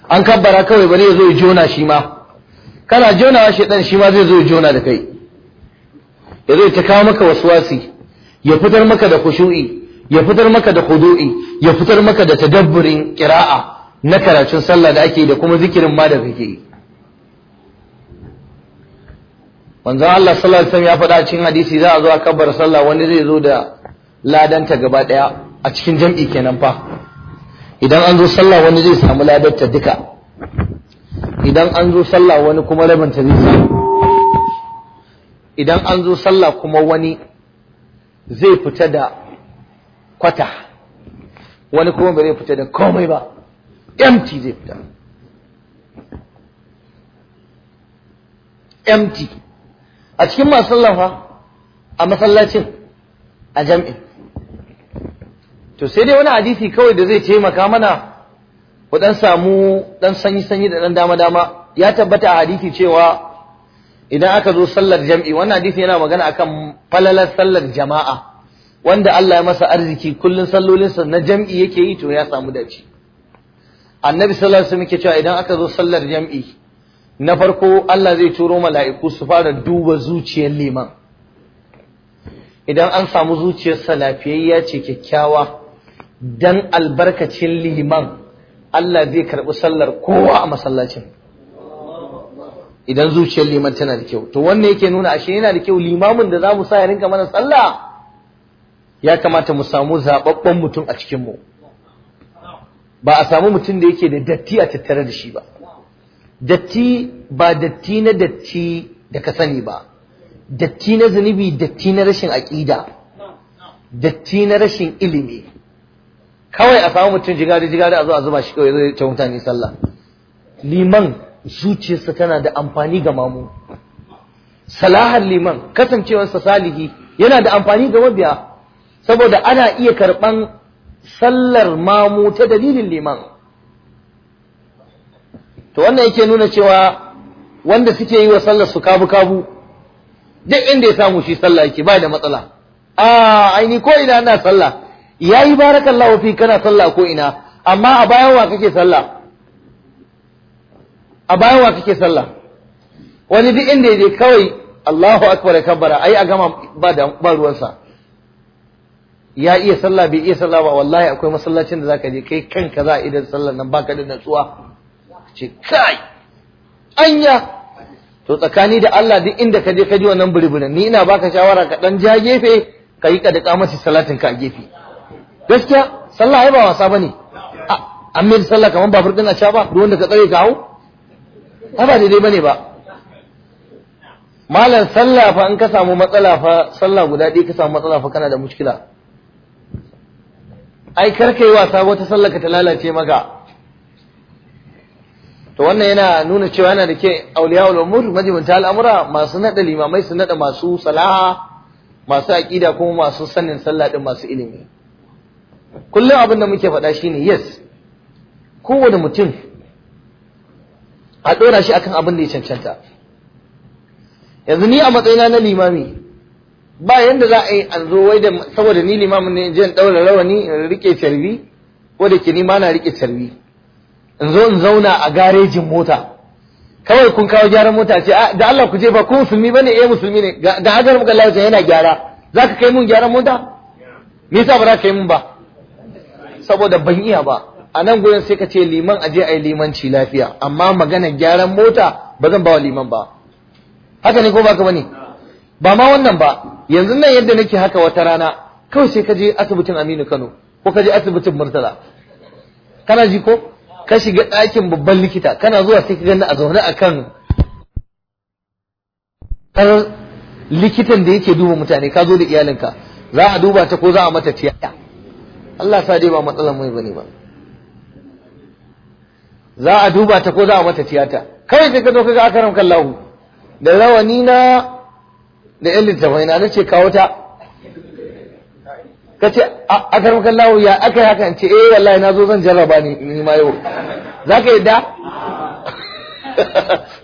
an kabbara kawai bari ya zo ya jona shi ma kana jonawa shedan shi ma zai zo ya jona da kai ya zo ta kawo maka waswasi ya fitar maka da khushu'i ya fitar maka da khudu'i ya fitar maka da tadabburin qira'a na karatun sallah da ake da kuma zikirin ma da kake yi manzon Allah sallallahu alaihi wasallam ya faɗa cikin hadisi za a zo a kabbar sallah wani zai zo da ladanta gaba daya a cikin jam'i kenan fa idan an zo sallah wani zai samu ladanta duka idan an zo sallah wani kuma ta zai samu idan an zo sallah kuma wani zai fita da kwata wani kuma ba zai fita da komai ba empty zai fita empty a cikin masu sallafa a masallacin a jam'i to sai dai wani hadisi kawai da zai taimaka mana ku dan samu dan sanyi-sanyi da dan dama-dama ya tabbata a hadisi cewa idan aka zo sallar jam'i wannan hadisi yana magana akan falalar sallar jama'a wanda Allah ya masa arziki kullun sallolinsa na jam'i yake yi to ya samu dace annabi sallallahu alaihi wasallam yake cewa idan aka zo sallar jam'i na farko Allah zai turo mala'iku su fara duba zuciyar liman idan an samu zuciyarsa lafiyayya ce kyakkyawa dan albarkacin liman Allah zai karɓi sallar kowa a masallacin idan zuciyar liman tana da kyau to wannan yake nuna ashe yana da kyau limamin da za mu sa ya rinka mana sallah ya kamata mu samu zababben mutum a cikinmu ba a samu mutum da yake da datti a tattare da shi ba datti ba datti na datti da ka sani ba datti na zunubi datti na rashin aƙida datti na rashin ilimi kawai a samu mutum jigari jigari a zo a zuba shi kawai zai ta mutane sallah liman zuciyarsa tana da amfani ga mamu salahar liman kasancewarsa salihi yana da amfani ga mabiya saboda ana iya karɓan sallar mamu ta dalilin liman to wannan yake nuna cewa wanda suke yi wa sallar su kabu kabu duk inda ya samu shi sallah yake ba da matsala a aini ko ina ana sallah yayi barakallahu fi kana sallah ko ina amma a bayan wa kake sallah a bayan wa kake sallah wani duk inda yaje kawai Allahu akbar ya kabbara ai a gama ba da ba ruwansa ya iya sallah bai iya sallah ba wallahi akwai masallacin da zaka je kai kanka za a idan sallar nan baka da natsuwa ce kai anya to tsakani da Allah duk inda ka je ka ji wannan buriburin ni ina baka shawara ka dan ja gefe ka yi kadaka masa salatin ka a gefe gaskiya sallah ai ba wasa bane an mai sallah kaman babur furdin a sha ba duk wanda ka tsare ka hau ai ba daidai bane ba malam sallah fa in ka samu matsala fa sallah guda ɗaya ka samu matsala fa kana da mushkila ai kar wasa wata sallah ka ta lalace maka to wannan yana nuna cewa yana da ke auliya'ul umur ta al'amura masu nada limamai su nada masu salaha masu aqida kuma masu sanin sallah din masu ilimi kullum abin da muke faɗa shine yes kowane mutum a ɗora shi akan abin da ya cancanta yanzu ni a matsayina na limami ba yanda za a yi an zo wai da saboda ni limamin ne in je ɗaura rawani in rike tarbi, ko da ke ni ma na rike tarbi? in zo in zauna a garejin mota kawai kun kawo gyaran mota ce a ah, da Allah ku je ba ku musulmi bane eh musulmi ne da hajar muka Allah yana gyara zaka kai mun gyaran mota me yasa ba za ka yi mun ba saboda ban iya ba a nan gurin sai ka ce liman aje ai limanci lafiya amma magana gyaran mota ba zan ba wa liman ba haka ne ko baka bane ba ma wannan ba yanzu nan yadda nake haka wata rana kawai sai ka je asibitin Aminu Kano ko ka je asibitin Murtala kana ji ko ka shiga ɗakin babban likita kana zuwa sai ka gani a zaune a kan likitan da yake duba mutane ka zo da iyalinka za a duba ta ko za a mata tiyaya. Allah sa dai ba matsalar mai bane ba za a duba ta ko za a mata tiyata kai ka gado kaga akaram kallahu da rawani na da yan littafai na nace kawo ta ka ce a karmakan lawo ya aka yi haka in ce eh wallahi na zo zan jarraba ni ni ma yau za ka yadda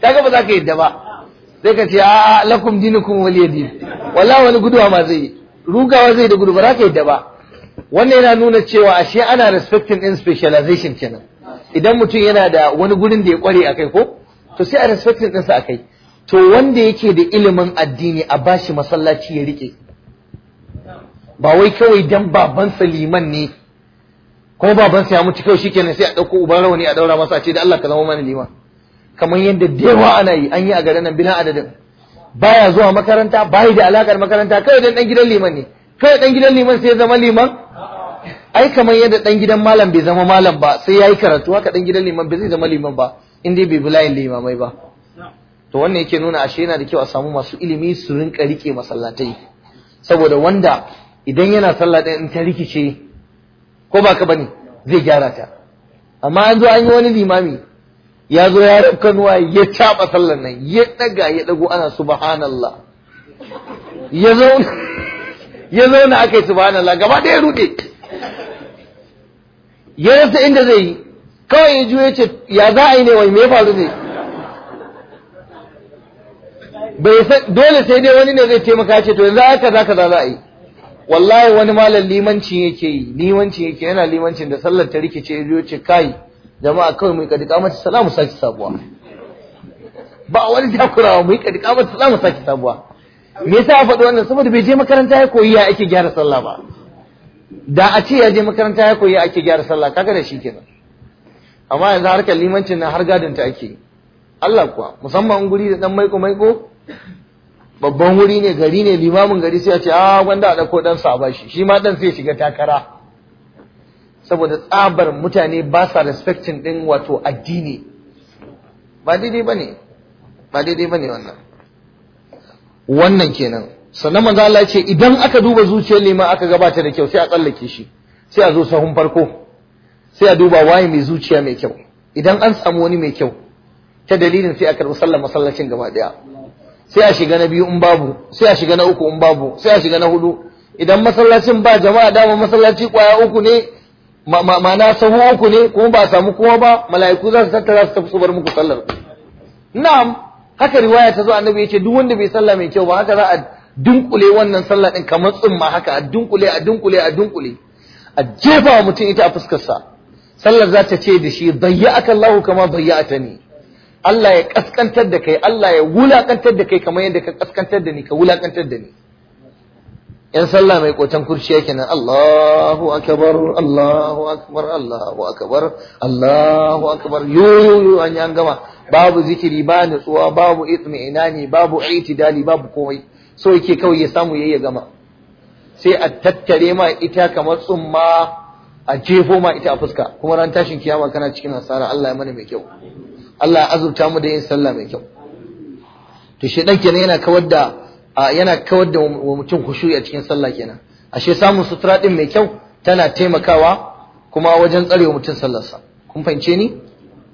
Ta gaba za ka yadda ba sai ka ce a lakum dinukum ya din wallahi wani guduwa ma zai rugawa zai da gudu ba za ka yadda ba wannan yana nuna cewa ashe ana respecting in specialization kenan idan mutum yana da wani gurin da ya kware kai ko to sai a respecting din a kai. to wanda yake da ilimin addini a bashi masallaci ya rike ba wai kawai dan babansa liman ne ko babansa ya mutu kawai shikenan sai a ɗauko uban rawani a daura masa a ce da Allah ka zama mana liman kamar yadda da ana yi an yi a garin nan bilan adadin baya zuwa makaranta bayi da alakar makaranta kawai dan dan gidan liman ne kawai dan gidan liman sai ya zama liman ai kamar yadda dan gidan malam bai zama malam ba sai yayi karatu haka dan gidan liman bai zai zama liman ba in dai bai bi layin limamai ba to wannan yake nuna ashe yana da kyau a samu masu ilimi su rinka rike masallatai saboda wanda idan yana sallah ɗaya in ta rikice ko ba ka bane zai gyara ta amma an zo an yi wani limami ya zo ya rabka kanuwa ya caɓa sallar nan ya ɗaga ya ɗago ana subhanallah ya zo ya aka yi subhanallah gaba ɗaya ruɗe ya rasa inda zai yi kawai ya juya ce ya za a yi ne wai me faru ne bai dole sai dai wani ne zai taimaka ce to yanzu aka za ka za a yi wallahi wani malam limanci yake yi limanci yake yana limancin da sallar ta rikice ya ce kai jama'a kawai mai kadi mata salamu saki sabuwa ba wani takurawa mai kadi mata salamu saki sabuwa me yasa ya faɗi wannan saboda bai je makaranta ya koyi ya ake gyara sallah ba da a ce ya je makaranta ya koyi ya ake gyara sallah kaga da shi kenan amma yanzu harkar limancin na har gadon ta ake Allah kuwa musamman guri da dan maiko maiko babban wuri ne gari ne limamin gari sai ya ce ah, a wanda a ko ɗansa a bashi shi ma ɗan sai shiga takara saboda tsabar mutane ba sa respecting ɗin wato addini ba daidai ba ne ba daidai ba ne wannan wannan kenan sannan manzo ce idan aka duba zuciyar liman aka gabata da kyau sai a tsallake shi sai a zo sahun farko sai a duba waye mai zuciya mai kyau idan an samu wani mai kyau ta dalilin sai a karɓi sallar masallacin gaba ɗaya sai a shiga na biyu in babu sai a shiga na uku in babu sai a shiga na hudu idan masallacin ba jama'a dama masallaci kwaya uku ne ma'ana sahu uku ne kuma ba samu kowa ba mala'iku za su tattara su tafi su muku sallar na'am haka riwaya ta zo annabi ya ce duk wanda bai sallah mai kyau ba haka za a dunkule wannan sallah din kamar tsumma haka a dunkule a dunkule a dunkule a jefa wa mutum ita a fuskar sa sallar za ta ce da shi dayya'aka Allahu kama ne. Allah ya kaskantar da kai Allah ya wulakantar da kai kamar yadda ka kaskantar da ni ka wulakantar da ni yan sallah mai kotan yake nan, Allahu akbar Allahu akbar Allahu akbar Allahu akbar yo an yan gama babu zikiri ba nutsuwa babu ne babu itidali babu komai so yake kawai ya samu yayi ya gama sai a tattare ma ita kamar tsumma a jefo ma ita a fuska kuma ran tashin kiyama kana cikin nasara, Allah ya mana mai kyau Allah ya azurta mu da yin sallah mai kyau to shedan kenan yana kawar da yana kawar da mutum khushu'i a cikin sallah kenan ashe samun sutura din mai kyau tana taimakawa kuma wajen tsarewa mutum sallarsa kun fahimce ni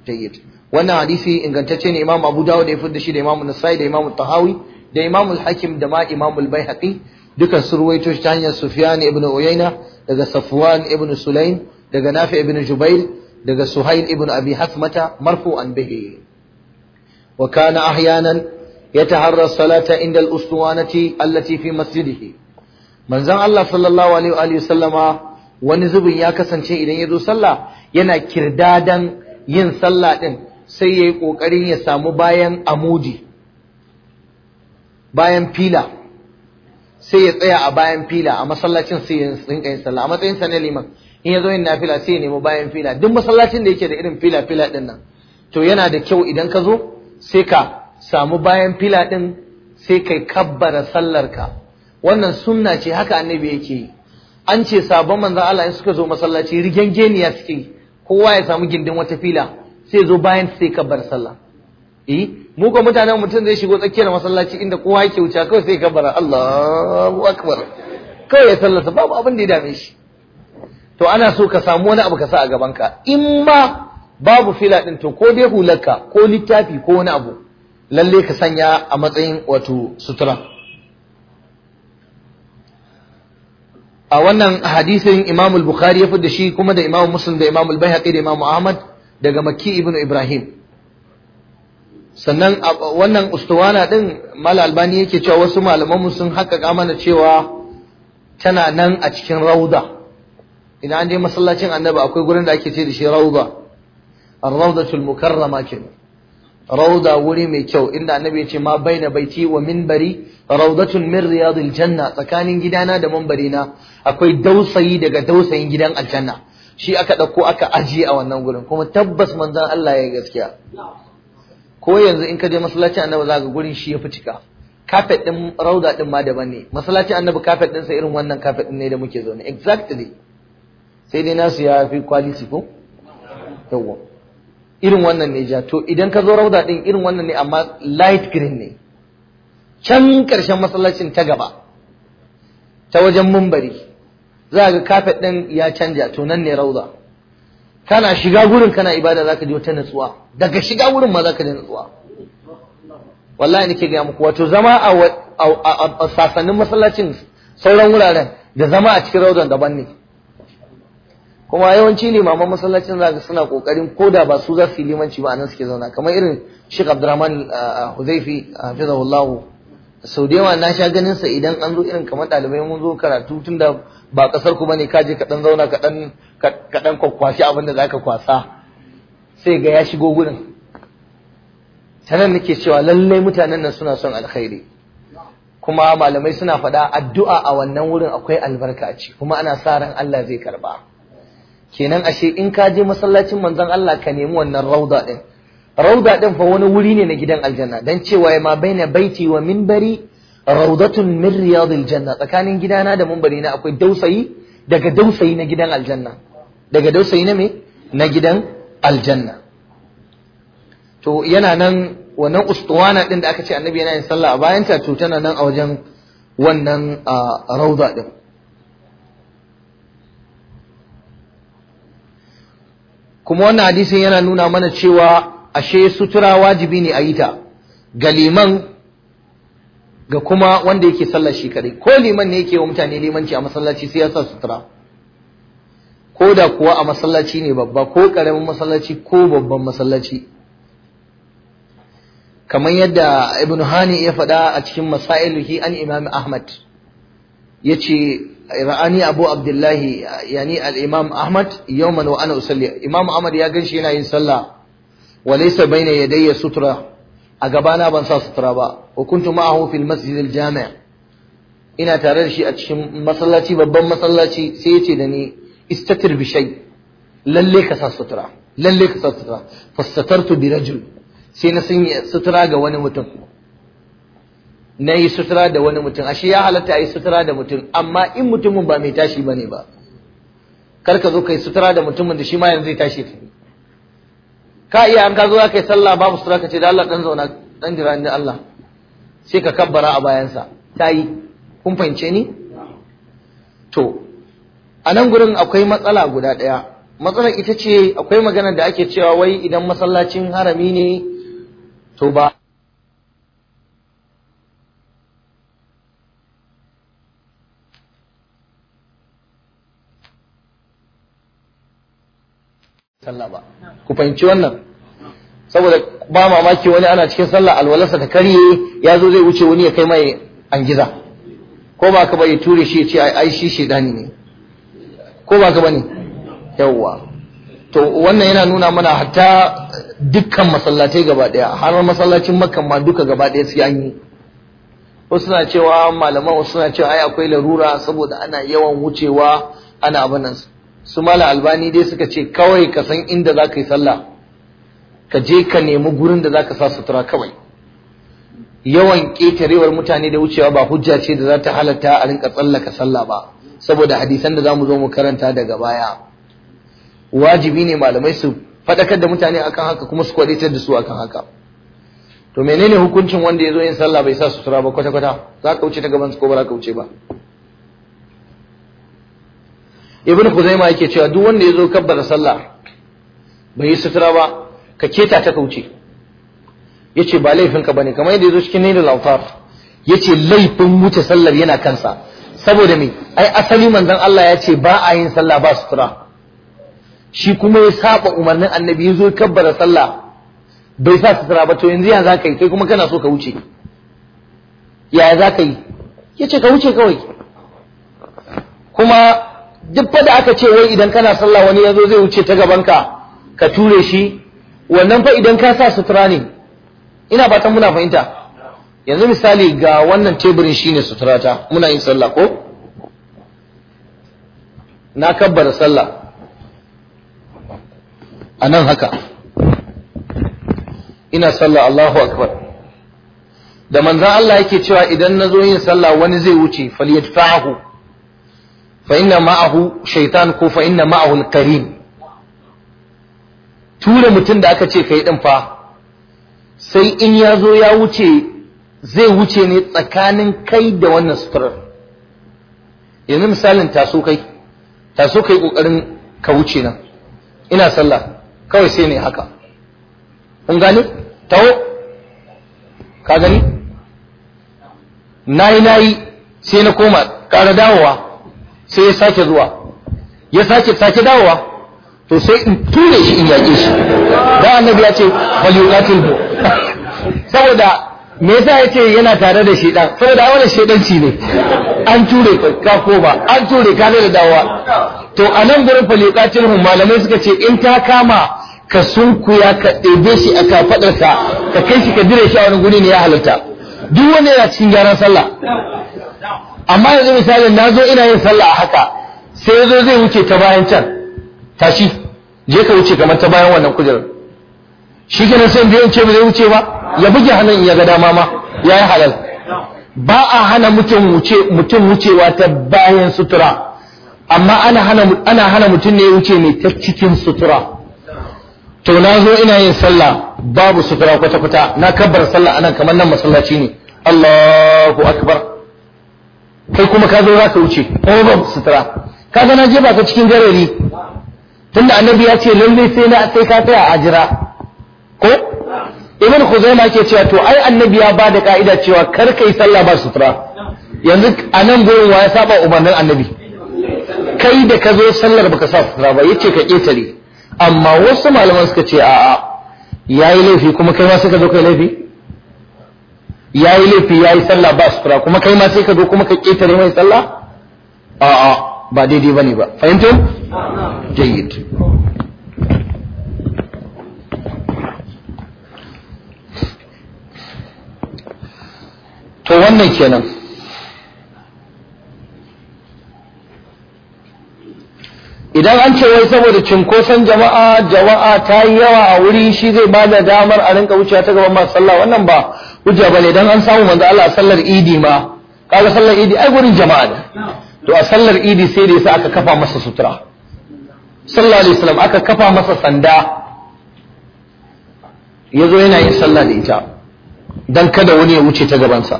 tayyib wannan hadisi ingantacce ne Imam Abu Dawud da ya fitar shi da Imam Nasa'i da Imam Tahawi da Imam Al-Hakim da ma Imam Al-Baihaqi duka su shi ta hanyar Sufyan ibn Uyayna daga Safwan ibn Sulaym daga Nafi ibn Jubair daga Suhail ibn Abi Hasmata marfu'an bihi wa kana ahyanan yataharra salata inda al-ustuwanati allati fi masjidihi manzan Allah sallallahu alaihi wa alihi sallama wani zubin ya kasance idan ya zo sallah yana kirdadan yin sallah din sai yayi kokarin ya samu bayan amudi bayan fila sai ya tsaya a bayan fila a masallacin sai ya rinka yin sallah a matsayin sa ne liman in yazo yin nafila sai ya nemi bayan fila duk masallacin da yake da irin fila fila din nan to yana da kyau idan ka zo sai ka samu bayan fila din sai kai kabbara sallar ka wannan sunna ce haka annabi yake yi an ce sabon manzon Allah in suka zo masallaci rigengeniya suke kowa ya samu gindin wata fila sai zo bayan sai kabbara sallah eh mu ko mutanen mutum zai shigo tsakiyar masallaci inda kowa yake wuce kawai sai kabbara Allahu akbar kawai ya sallarsa babu abin da ya dame shi to ana so ka samu wani abu ka sa a ka in ma babu fila ɗin to ko dai hularka ko littafi ko wani abu lalle ka sanya a matsayin wato sutura a wannan hadisin Imam al-Bukhari ya fada shi kuma da Imam Muslim da Imam al-Baihaqi da Imam Ahmad daga Makki ibn Ibrahim sannan wannan ustuwana din Mal Albani yake cewa wasu malaman sun haƙƙa mana cewa tana nan a cikin rauda Ina an je masallacin annabi akwai gurin da ake ce da shi rauda ar raudatul mukarrama ke rauda wuri mai kyau inda annabi ya ce ma baina baiti wa minbari raudatun min riyadil janna tsakanin gidana da minbari na akwai dausayi daga dausayin gidan aljanna shi aka dauko aka ajiye a wannan gurin kuma tabbas manzon Allah ya gaskiya ko yanzu in ka je masallacin annabi za ka gurin shi ya fi cika kafet din rauda din ma daban ne masallacin annabi kafet din sa irin wannan kafet din ne da muke zaune exactly sai dai nasu ya fi kwaliti ko yawa irin wannan ne ja to idan ka zo rauda din irin wannan ne amma light green ne can karshen masallacin ta gaba ta wajen mumbari za ga kafet din ya canja to nan ne rauda kana shiga gurin kana ibada zaka ji wata nutsuwa daga shiga gurin ma zaka ji nutsuwa wallahi nake ga muku wato zama a sasannin masallacin sauran wuraren da zama a cikin raudan daban ne kuma yawanci limaman masallacin za suna kokarin ko da ba su za su yi limanci ba nan suke zauna kamar irin Sheikh Abdurrahman ah, ah, Huzaifi hafizahullahu sau da yawa na sha ganin sa idan an zo irin kamar ɗalibai mun zo karatu tunda ba kasar ku bane kaje ka dan zauna ka dan ka dan kwakwashi abin da zaka kwasa sai ga ya shigo gurin sanan nake cewa lalle mutanen nan suna son alkhairi kuma malamai suna faɗa addu'a a wannan wurin akwai albarka ce kuma ana sa ran Allah zai karba kenan ashe in ka je masallacin manzon Allah ka nemi wannan rauda din rauda din fa wani wuri ne na gidan aljanna dan cewa ya ma baina baiti wa minbari raudatun min riyadil janna tsakanin gidana da minbari na akwai dausayi daga dausayi na gidan aljanna daga dausayi na me na gidan aljanna to yana nan wannan ustuwana din da aka ce annabi yana yin sallah a bayan ta to tana nan a wajen wannan rauda din kuma wannan hadisin yana nuna mana cewa ashe sutura wajibi ne a yi ta ga liman ga kuma wanda yake sallar shi kadai ko liman ne yake wa mutane limanci a masallaci sai ya sa sutura ko da kuwa a masallaci ne babba ko karamin masallaci ko babban masallaci kamar yadda ibnu hani ya faɗa a cikin masailuhi an Imami ahmad yace ra'ani Abu Abdullahi yani al-Imam Ahmad yawman wa ana usalli Imam Ahmad ya ganshi yana yin sallah wa laysa ya yadayya sutra a gabana ban sa sutura ba wa kuntu ma'ahu fil masjid al-jami' ina tare da shi a cikin masallaci babban masallaci sai yace da ni istatir bi shay lalle ka sa sutura lalle ka sa sutura fastatartu bi rajul sai na sanya sutura ga wani mutum na yi sutura da wani mutum ashe ya halatta a yi sutura da mutum amma in mutumin ba mai tashi ba ne ba kar ka zo ka yi sutura da mutumin da shi ma yanzu zai tashi ka ka iya an ka zo yi sallah babu sutura ka ce da Allah dan zauna dan jira ni Allah sai ka kabbara a bayansa ta yi kun fahimce ni to a nan gurin akwai matsala guda ɗaya matsalar ita ce akwai magana da ake cewa wai idan masallacin harami ne to ba sallah ba ku fahimci wannan saboda ba mamaki wani ana cikin sallah alwalarsa ta karye ya zo zai wuce wani ya kai mai angiza ko ba ka ba ture shi ce ai shi shedani ne ko ba ka bane yawwa to wannan yana nuna mana hatta dukkan masallatai gaba daya har masallacin makka ma duka gaba daya sai an yi wasu suna cewa malaman wasu suna cewa ai akwai larura saboda ana yawan wucewa ana abin nan su mala albani dai suka ce kawai ka san inda za ka yi sallah ka je ka nemi gurin da za ka sa sutura kawai yawan ƙetarewar mutane da wucewa ba hujja ce da za ta halatta a rinka tsallaka sallah ba saboda hadisan da za mu zo mu karanta daga baya wajibi ne malamai su faɗakar da mutane akan haka kuma su kwadatar da su akan haka to menene hukuncin wanda ya zo yin sallah bai sa sutura ba kwata-kwata za ka wuce ta gaban ko ba za ka wuce ba ibn Khuzaima yake cewa duk wanda ya zo kabbara sallah bai yi sutura ba ka keta ta kauce yace ba laifin laifinka bane kamar yadda yazo cikin Nailul Awtar yace laifin wuce sallar yana kansa saboda me ai asali manzon Allah ya ce ba a yin sallah ba sutura shi kuma ya saba umarnin annabi yazo kabbara sallah bai sa sutura ba to yanzu ya za yi kai kuma kana so ka wuce yaya za ka yi ya ka wuce kawai kuma duk fa da aka ce wai idan kana sallah wani yazo zai wuce ta gaban ka ka ture shi wannan fa idan ka sa sutura ne ina ba tan muna fahimta yanzu misali ga wannan teburin shine suturata muna yin sallah ko na kabbar sallah a nan haka ina sallah Allahu akbar da manzon Allah yake cewa idan nazo yin sallah wani zai wuce falyadfa'ahu fa inna ma'ahu shaitan ko fa inna ma'ahu karim tura mutum da aka ce kai din fa sai in ya zo ya wuce zai wuce ne tsakanin kai da wannan suturar yanzu misalin taso kai taso kai kokarin ka wuce nan ina sallah kawai sai ne haka kun gani taho ka gani nayi nayi sai na koma ƙara dawowa sai ya sake zuwa ya sake sake dawowa to sai in ture shi in yaƙe shi da annabi ya ce falyuqatil bu saboda me yasa ya ce yana tare da shedan saboda wani shedanci ne an ture ka ko ba an ture ka da dawowa to a nan gurin falyuqatil hum malamai suka ce in ta kama ka sunkuya ka ɗebe shi a kafadarsa ka kai shi ka dire shi a wani guri ne ya halarta. duk wanda yana cikin gyaran sallah amma yanzu misali na zo ina yin sallah a haka sai ya zo zai wuce ta bayan can tashi je ka wuce kamar ta bayan wannan kujerar shi nan sai in ce ba zai wuce ba ya buge hannun ya ga dama ma ya yi halal ba a hana mutum wuce mutum wucewa ta bayan sutura amma ana hana ana hana mutum ne wuce ne ta cikin sutura to na zo ina yin sallah babu sutura kwata kwata na kabbar sallah anan kamar nan masallaci ne Allahu akbar kai kuma ka zo za ka wuce kuma sutura ka ga na je ba ka cikin garari tunda annabi ya ce lalle sai na sai ka tsaya a jira ko ibn khuzaima ke cewa to ai annabi ya ba da ka'ida cewa kar kai sallah ba sutura yanzu a nan gurin wa ya saba umarnin annabi kai da ka zo sallar baka sa sutura ba yace ka ketare amma wasu malaman suka ce a'a yayi laifi kuma kai ma suka zo kai laifi ya yi laifi ya yi sallah ba sutura kuma kai ma sai ka zo kuma ka ƙetare mai sallah a'a ba daidai ba ne ba fahimtar jayyid to wannan kenan idan an ce wai saboda cinkoson jama'a jama'a ta yi yawa a wuri shi zai ba da damar a rinka wucewa ta gaban masu sallah wannan ba hujja ne dan an samu manzo Allah a sallar idi ma kaga sallar idi ai gurin jama'a ne to a sallar idi sai da yasa aka kafa masa sutura sallallahu alaihi wasallam aka kafa masa sanda yazo yana yin sallah da ita dan kada wani ya wuce ta gabansa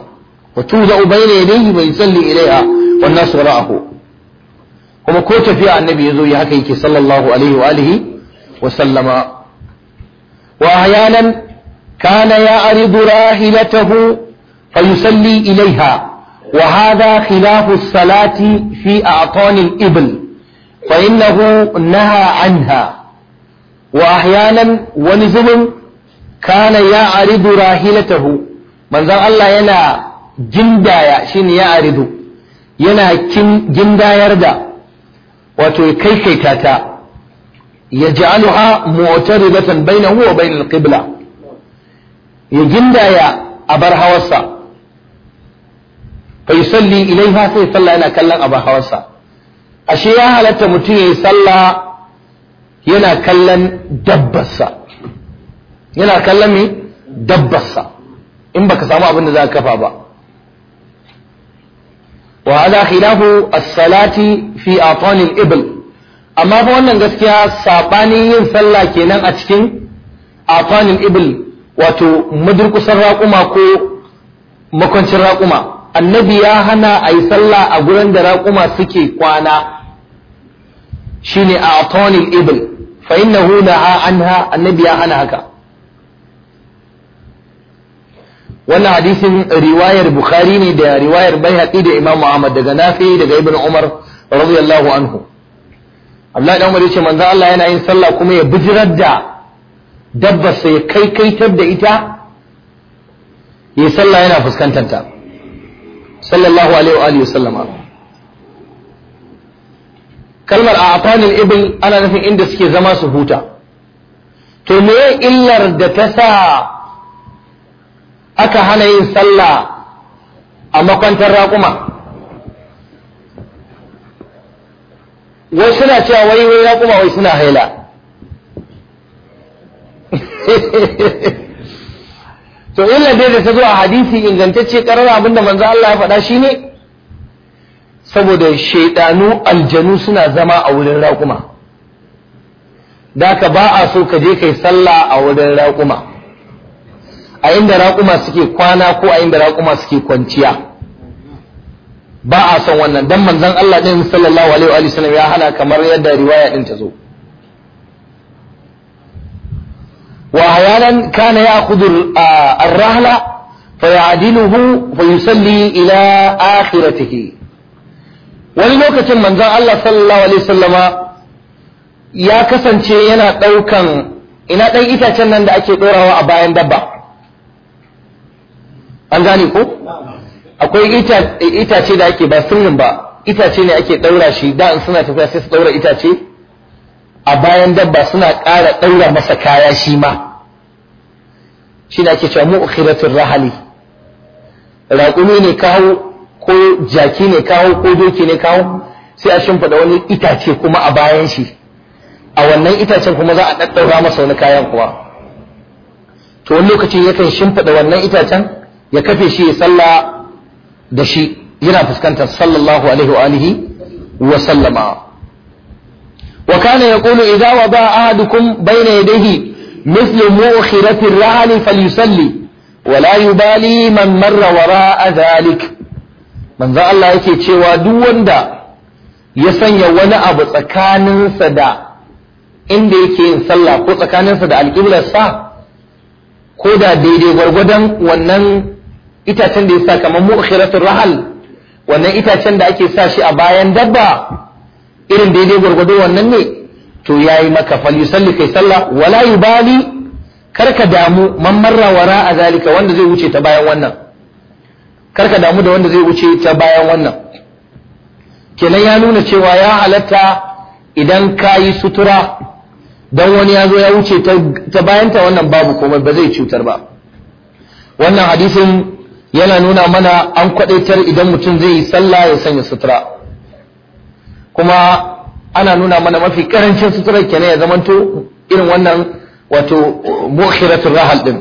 wa tuza ubayna yadayhi wa yusalli ilaiha wan nasu ra'ahu kuma ko tafiya annabi yazo ya haka yake sallallahu alaihi wa alihi wa sallama wa ahyanan كان يعرض راحلته فيصلي إليها وهذا خلاف الصلاة في أعطان الإبل فإنه نهى عنها وأحيانا ونزل كان يعرض راحلته من ذا الله ينا جندايا شين يعرض ينا جنداير دا وتكيكيتاتا يجعلها معترضة بينه وبين القبلة ya gindaya a bar hawarsa fa yusalli ilaiha sai sallah yana kallon bar hawarsa ashe ya halatta mutum ya yi sallah yana kallon dabbarsa yana kallon me dabbarsa in baka samu abin da za kafa ba wa ala khilafu as-salati fi atani al-ibl amma fa wannan gaskiya sabanin yin sallah kenan a cikin atani al-ibl wato madurkusan raƙuma ko makwancin raƙuma annabi ya hana a yi sallah a gurin da raƙuma suke kwana shine a atonil ibil fa huna a anha annabi ya hana haka wannan hadisin riwayar bukhari ne da riwayar Baihaɗi da Imam ahmad daga nafi daga ibn umar radiyallahu anhu Abdullahi dan Umar yace manzo Allah yana yin sallah kuma ya bijirar da dabbar sa ya kaikaitar da ita ya sallah yana fuskantar ta sallallahu alaihi wa alihi sallama kalmar a atanin ibil ana nufin inda suke zama su huta to me illar da ta sa aka hana yin sallah a makwantar raƙuma wai suna cewa wai wai raƙuma wai suna haila to illa dai da ta zo a hadisi ingantacce karar abinda manzo Allah ya faɗa shi ne? saboda shaidanu aljanu suna zama a wurin raƙuma da ka ba a so ka je kai sallah a wurin raƙuma a inda raƙuma suke kwana ko a inda raƙuma suke kwanciya ba a son wannan dan manzon Allah din sallallahu alaihi wa sallam ya hana kamar yadda riwaya din ta zo وأحيانا كان يأخذ الرهل فيعدله فيصلي إلى آخرته ولنوكة من ذا الله صلى الله عليه وسلم ya kasance yana ɗaukan ina ɗan itacen nan da ake ɗorawa a bayan dabba an gane ko akwai itace da ake ba sunan ba itace ne ake ɗaura shi da in suna tafiya sai su ɗaura itace a bayan dabba suna ƙara ɗaura masa kaya shi ma shi ake cewa mu ukhiratul rahali raƙumi ne kawo ko jaki ne kawo ko doki ne kawo sai a shimfiɗa wani itace kuma a bayan shi a wannan itacen kuma za a ɗaɗɗaura masa wani kayan kuwa to wani lokacin yakan shimfiɗa wannan itacen ya kafe shi ya salla da shi yana fuskantar sallallahu alaihi wa alihi wa sallama وكان يقول إذا وضع أحدكم بين يديه مثل مؤخرة الرحل فليصلي ولا يبالي من مر وراء ذلك من ذا الله yake cewa duk wanda ya sanya wani abu tsakaninsa da inda yake yin sallah ko tsakaninsa da alƙiblarsa ko da daidai gwargwadon wannan itacen da ya sa kamar mu'khiratul rahal wannan itacen da ake sa shi a bayan dabba irin daidai gwargwado wannan ne to ya yi maka fal yusalli kai sallah wala bali karka damu man marra wara a zalika wanda zai wuce ta bayan wannan karka damu da wanda zai wuce ta bayan wannan kenan ya nuna cewa ya halatta idan ka yi sutura don wani ya zo ya wuce ta bayanta wannan babu komai ba zai cutar ba wannan hadisin yana nuna mana an kwadaitar idan mutum zai yi sallah ya sanya sutura kuma ana nuna mana mafi karancin suturar kenan ya zamanto irin wannan wato mukhiratul rahal din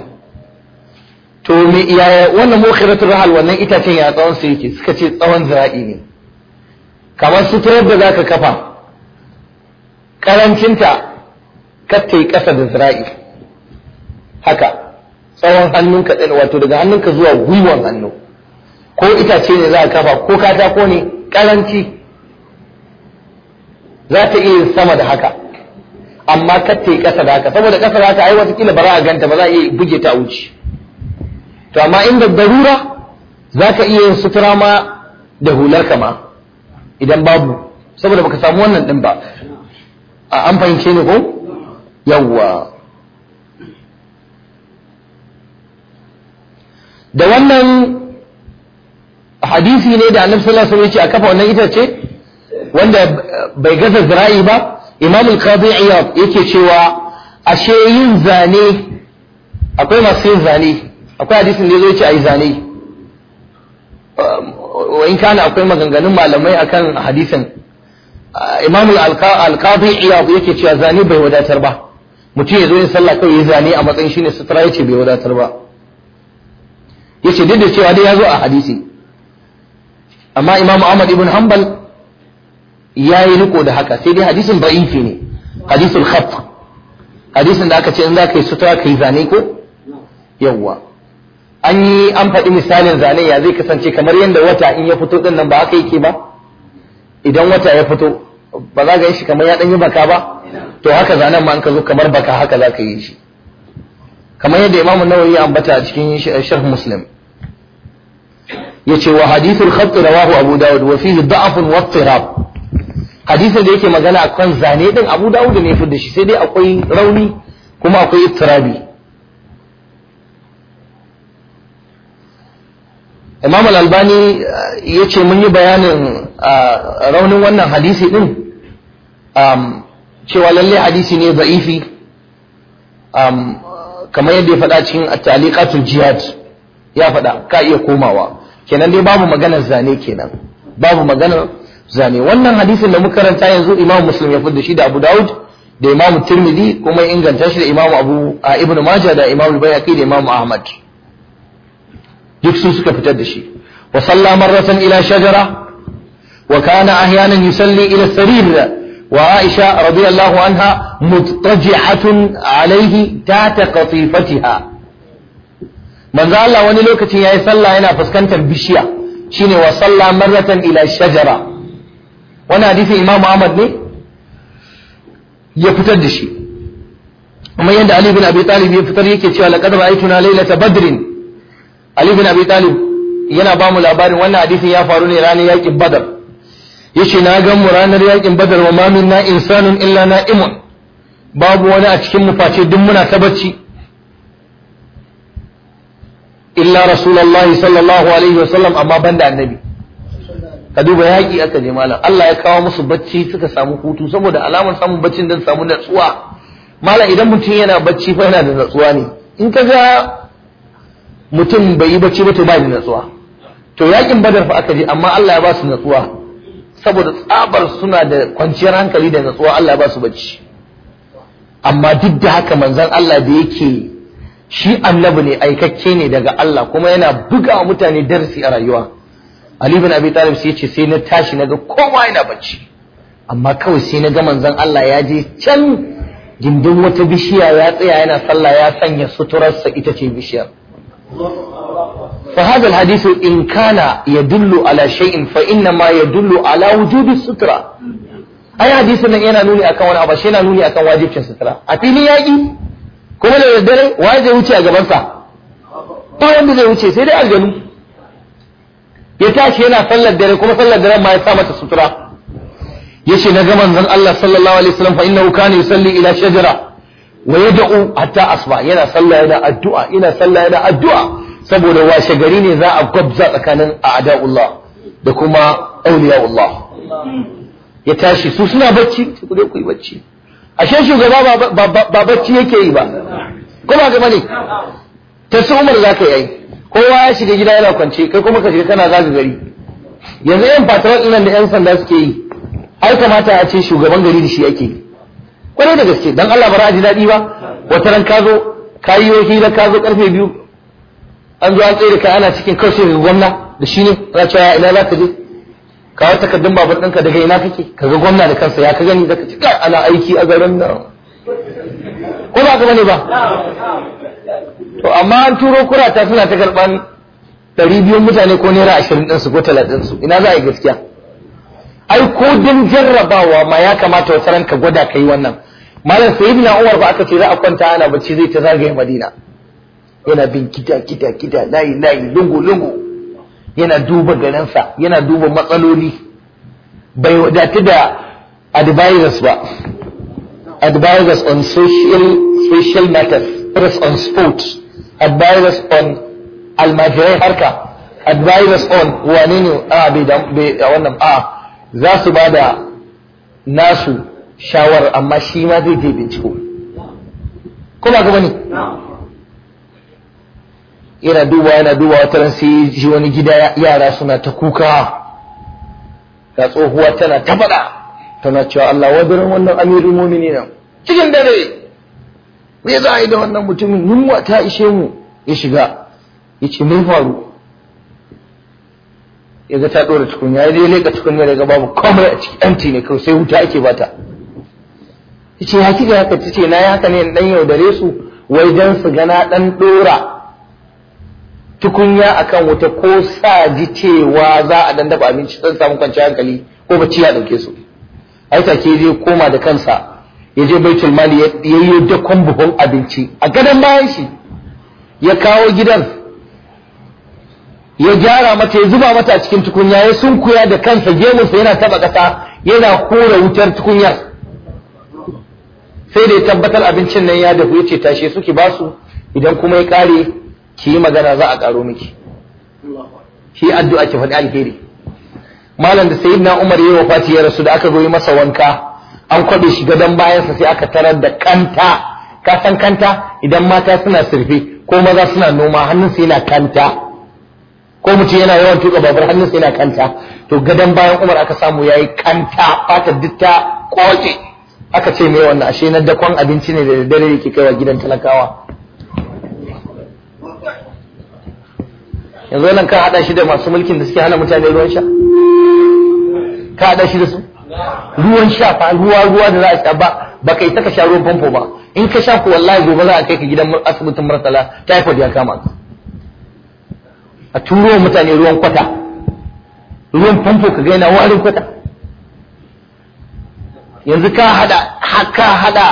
to me iya wannan mukhiratul rahal wannan itacen ya tsawon su yake suka ce tsawon zira'i ne kamar suturar da zaka kafa ta kattai kasa da zira'i haka tsawon hannun ka ɗin wato daga hannun ka zuwa gwiwan hannu ko itace ne za a kafa ko katako ne karanci za ta iya sama da haka amma kar ta yi ƙasa da haka saboda ƙasa da haka ai watakila ba za a ganta ba za a iya buge ta a wuce to amma inda darura za ka iya yin sutura ma da hular ka ma idan babu saboda baka samu wannan din ba a an fahimce ni ko yawwa da wannan hadisi ne da annabi sallallahu alaihi wasallam ya ce a kafa wannan itace wanda bai gaza zira'i ba Imam al qadi ya yake cewa ashe yin zane akwai masu yin zane akwai hadisin da yake ai zane wa in kana akwai maganganun malamai akan hadisin al qadi ya yake cewa zane bai wadatar ba mutum yazo yin sallah kai yi zane a matsayin shine sutura yace bai wadatar ba yace duk da cewa dai yazo a hadisi amma imam ahmad ibn hanbal ya yi riko da haka sai dai hadisin ba'ifi ne hadisul khat hadisin da aka ce in za ka yi sutura ka yi zane ko yawwa an yi an faɗi misalin zane ya zai kasance kamar yadda wata in ya fito din nan ba yi ke ba idan wata ya fito ba za ka yi shi kamar ya ɗan yi baka ba to haka zanen ma an ka zo kamar baka haka za ka yi shi kamar yadda imamu nawawi ya ambata a cikin sharh muslim yace wa hadithul khat rawahu abu dawud wa fihi da'fun wa hadisin da yake magana kan zane din Abu Dawud ne fi da shi sai dai akwai rauni kuma akwai turabi. Imam Al-Albani uh, ya ce mun yi bayanin uh, raunin wannan hadisi din um, cewa lalle hadisi ne za'ifi um, kamar yadda ya faɗa cikin at-taliqatul jihad ya faɗa ka iya komawa kenan dai babu maganar zane kenan babu maganar zane wannan hadisin da muka karanta yanzu Imam Muslim ya fadda shi da Abu Dawud da Imam Tirmidhi kuma ya inganta shi da Imam Abu Ibn Majah da Imam Bayhaqi da Imam Ahmad duk su suka fitar da shi wa salla marratan ila shajara wa kana ahyana yusalli ila sarir wa Aisha radiyallahu anha muttaji'atun alayhi tata qatifatiha manzo Allah wani lokacin yayi sallah yana fuskantar bishiya shine wa salla marratan ila shajara wani hadisin Imam ahmad ne ya fitar da shi kuma yadda ali bin abi talib ya fitar yake cewa laqad ra'aytuna laylata badrin ali bin abi talib yana ba mu labarin wannan hadisin ya faru ne ranar yakin badar yace na gan mu ranar yakin badar wa ma minna insanun illa na'imun babu wani a cikin mu face duk muna ta bacci illa rasulullahi sallallahu alaihi wasallam amma banda annabi A duba yaƙi aka je malam Allah ya kawo musu bacci suka samu hutu saboda alamar samun bacci dan samu natsuwa malam idan mutum yana bacci fa yana da natsuwa ne in ka ga mutum bai yi bacci ba to ba ni natsuwa to yaƙin badar fa aka je amma Allah ya ba su natsuwa saboda tsabar suna da kwanciyar hankali da natsuwa Allah ya ba su bacci amma duk da haka manzon Allah da yake shi annabi ne aikakke ne daga Allah kuma yana buga mutane darasi a rayuwa Ali bin Abi ta wani bishiyarci sai na tashi na ga komai na barci, amma kawai sai na gama zan Allah je can jindin wata bishiya ya tsaya yana sallah ya sanya suturarsa ita ce bishiyar. Fa haɗu alhadisai in ƙana ya dullo alashai, in fa'in na ma ya dullo alawu dubi sutura. Ai nan yana nuni akan wani abu shi yana nuni akan waje a fita sutura. A taimakila yaƙi kuma na daɗa waje wuce a gaban sa, kuma yadda zai wuce sai dai alganu. ya tashi yana sallar dare kuma sallar dare ma ya sa mata sutura yace na ga zan Allah sallallahu alaihi wasallam fa innahu kana yusalli ila shajara wa yad'u hatta asba yana sallah yana addu'a yana sallah yana addu'a saboda washe gari ne za a gwabza tsakanin a'da'ullah da kuma auliya'ullah ya tashi su suna bacci ku dai ku yi bacci ashe shugaba ba bacci yake yi ba Kuma ba ga bane ta su umar za ka yi kowa ya shiga gida yana kwance kai kuma ka shiga kana zaga gari yanzu yan patrol nan da yan sanda suke yi ai kamata a ce shugaban gari da shi ake kwarai da gaske dan Allah bara ji daɗi ba wata ran ka zo ka yi yoki da ka zo karfe biyu an zo an tsere ka ana cikin kaushe ga gwamna da shi ne ana cewa ina za ka je ka wata takardun babur ɗinka daga ina kake ka ga gwamna da kansa ya ka gani zaka ci ana aiki a garin nan ko ba ka bane ba to amma an turo kurata suna ta karban ɗari biyu mutane ko naira ashirin ɗinsu ko talatin su ina za a yi gaskiya ai ko don jarrabawa ma ya kamata wata ranka gwada ka yi wannan malam na umar ba aka ce za a kwanta ana bacci zai ta zagaye madina yana bin kita kita kita layi layi lungu lungu yana duba garinsa yana duba matsaloli bai wadatu da advisors ba advisors on social social matters virus on sports a on almajirai harka a on wane ne a bai da wannan a za su ba da nasu shawar amma shi ma zai je binciko ko ba gaba ne yana duba yana duba wata ran sai ji wani gida yara suna ta kuka ga tsohuwa tana ta faɗa tana cewa Allah wadarin wannan amirul mu'minin cikin dare me za a yi da wannan mutumin yunwa ta ishe mu ya shiga ya ce mai faru ya ga ta ɗora tukunya ya dai leƙa tukunya daga babu komai a ciki ne kawai sai wuta ake bata ya ce ya kika haka ta ce na yi haka ne ɗan yaudare su wai dan su gana ɗan ɗora tukunya a kan wuta ko sa ji cewa za a dan dafa abinci zan samu kwanciyar hankali ko bacci ya ɗauke su ai ke zai koma da kansa ya je baitul mali ya yi dakon buhun abinci a gadon bayan shi ya kawo gidan ya gyara mata ya zuba mata a cikin tukunya ya sunkuya da kansa gemunsa yana taba kasa yana kora wutar tukunyar sai da ya tabbatar abincin nan ya dafu ya ce tashe suke basu idan kuma ya kare ki yi magana za a karo miki shi addu'a ki faɗi alheri malam da sayyidina umar wa wafati ya rasu da aka goyi masa wanka an kwabe shi gadon bayansa sai aka tarar da kanta ka san kanta idan mata suna surfe ko maza suna noma hannunsa yana kanta ko mutu yana yawan tuka babur hannunsa yana kanta to gadon bayan umar aka samu yayi kanta fata ditta koce aka ce mai wannan ashe na dakon abinci ne da dare yake kaiwa gidan talakawa yanzu nan ka hada shi da masu mulkin da suke hana mutane ruwan sha ka hada shi da su ruwan sha fa ruwa ruwa da za a sha ba ba kai ta ka sha ruwan famfo ba in ka sha ku wallahi gobe za a kai ka gidan asibitin marsala typhoid ya kama ka a turo mutane ruwan kwata ruwan famfo ka ga yana warin kwata yanzu ka hada haka hada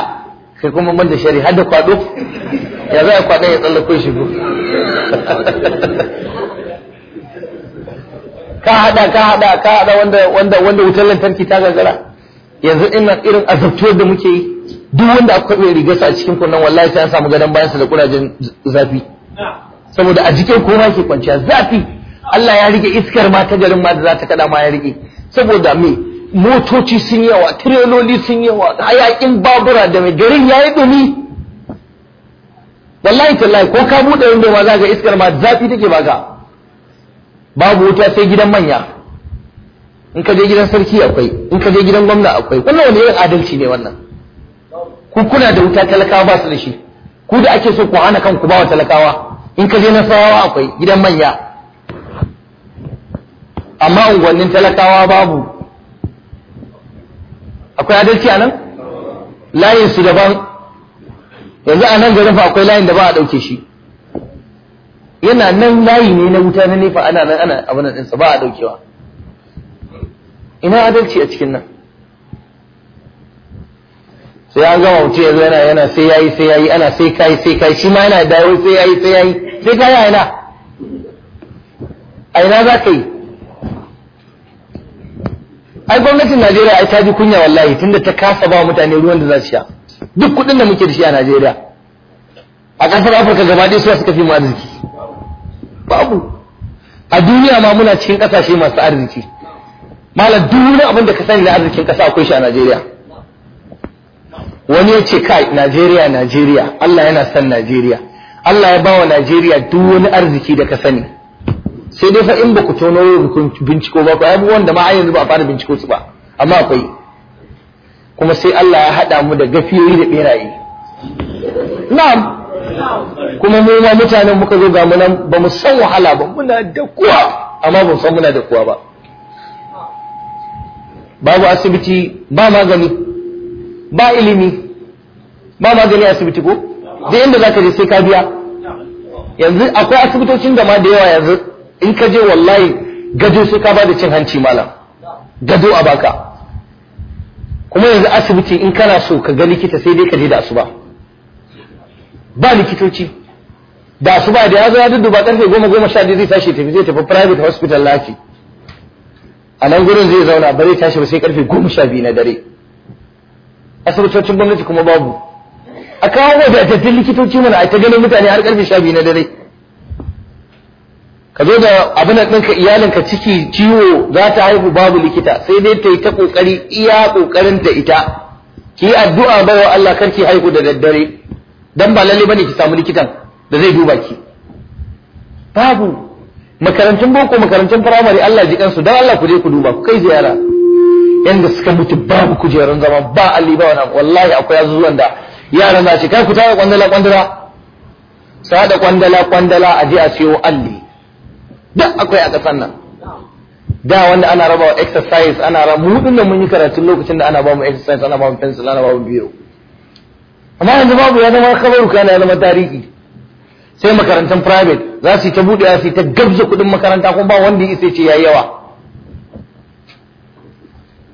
kai kuma man da shari hada da kwado ya za a kwada ya tsallako shigo ka hada ka hada ka hada wanda wanda wanda wutar lantarki ta gagara yanzu ina irin azabtuwar da muke yi duk wanda aka kwabe rigarsa a cikin kunnan wallahi sai an samu gadon sa da kurajen zafi saboda a jikin kowa ke kwanciya zafi Allah ya rike iskar ma ta garin ma da za ta kada ma ya rike saboda me motoci sun yawa tireloli sun yawa hayakin babura da mai garin ya yi dumi wallahi tallahi ko ka buɗe wanda ma za ka iskar ma zafi take baka babu wuta sai gidan manya in ka je gidan sarki akwai in ka je gidan gwamna akwai wannan wani irin adalci ne wannan ku kuna da wuta talakawa ba su da shi ku da ake so ku hana kanku ba wa talakawa in ka je na nasarawa akwai gidan manya amma unguwannin talakawa babu akwai adalci a nan layin su daban yanzu a nan garin fa akwai layin da ba a ɗauke shi yana nan layi ne na wuta na nefa ana nan ana abin ɗinsa ba a ɗaukewa ina adalci a cikin nan sai an gama mutum yanzu yana yana sai yayi sai yayi ana sai kai sai kai shi ma yana dawo sai yayi sai yayi sai kai a ina a ina za ka yi ai gwamnatin Najeriya ai ta ji kunya wallahi tunda ta kasa ba mutane ruwan da za su sha duk kuɗin da muke da shi a Najeriya a ƙasar Afirka gaba ɗaya suka fi mu arziki babu a duniya ma muna cikin kasashe masu arziki malam duk wani abin da ka sani na arzikin kasa akwai shi a Najeriya wani ya ce kai Najeriya Najeriya Allah yana san Najeriya Allah ya bawa Najeriya duk wani arziki da ka sani sai dai fa in ba ku tono binciko ba ku abubuwan da ma a yanzu ba a fara binciko su ba amma akwai kuma sai Allah ya haɗa mu da gafiyoyi da beraye na'am kuma mu ma mutanen muka zo ga mu nan ba mu san wahala ba muna da kuwa amma ba mu san muna da kuwa ba babu asibiti ba magani ba ilimi ba magani asibiti ko da inda zaka je sai ka biya yanzu akwai asibitocin da ma da yawa yanzu in ka je wallahi gado sai ka bada cin hanci malam gado a baka kuma yanzu asibiti in kana so ka ga likita sai dai ka je da asuba ba likitoci da su ba da ya zo ya ba karfe goma goma sha zai tashi tafi zai tafi private hospital lafi a nan gurin zai zauna ba zai tashi ba sai karfe goma sha biyu na dare asibitocin gwamnati kuma babu a kawo wadatattun likitoci mana a ta ganin mutane har karfe sha biyu na dare ka zo da abin ɗinka iyalinka ciki ciwo za ta haihu babu likita sai dai ta yi ta ƙoƙari iya da ita ki yi addu'a bawa Allah karki haihu da daddare dan ba lalle bane ki samu likitan da zai duba ki babu makarantun boko makarantun firamare Allah ji kansu dan Allah ku je ku duba ku kai ziyara yanda suka mutu babu kujerun zama ba alli ba wannan wallahi akwai azuzuwan da yaran za su kai ku tare kwandala kwandala sa da kwandala kwandala a je a siyo alli duk akwai a kasan nan da wanda ana rabawa exercise ana rabu mu dinnan mun yi karatun lokacin da ana ba mu exercise ana ba mu pencil ana ba mu biro amma yanzu babu ya zama kabaru kana ya zama tarihi sai makarantar private za su yi ta buɗe su yi ta gabza kuɗin makaranta kuma ba wanda ya ce ya yi yawa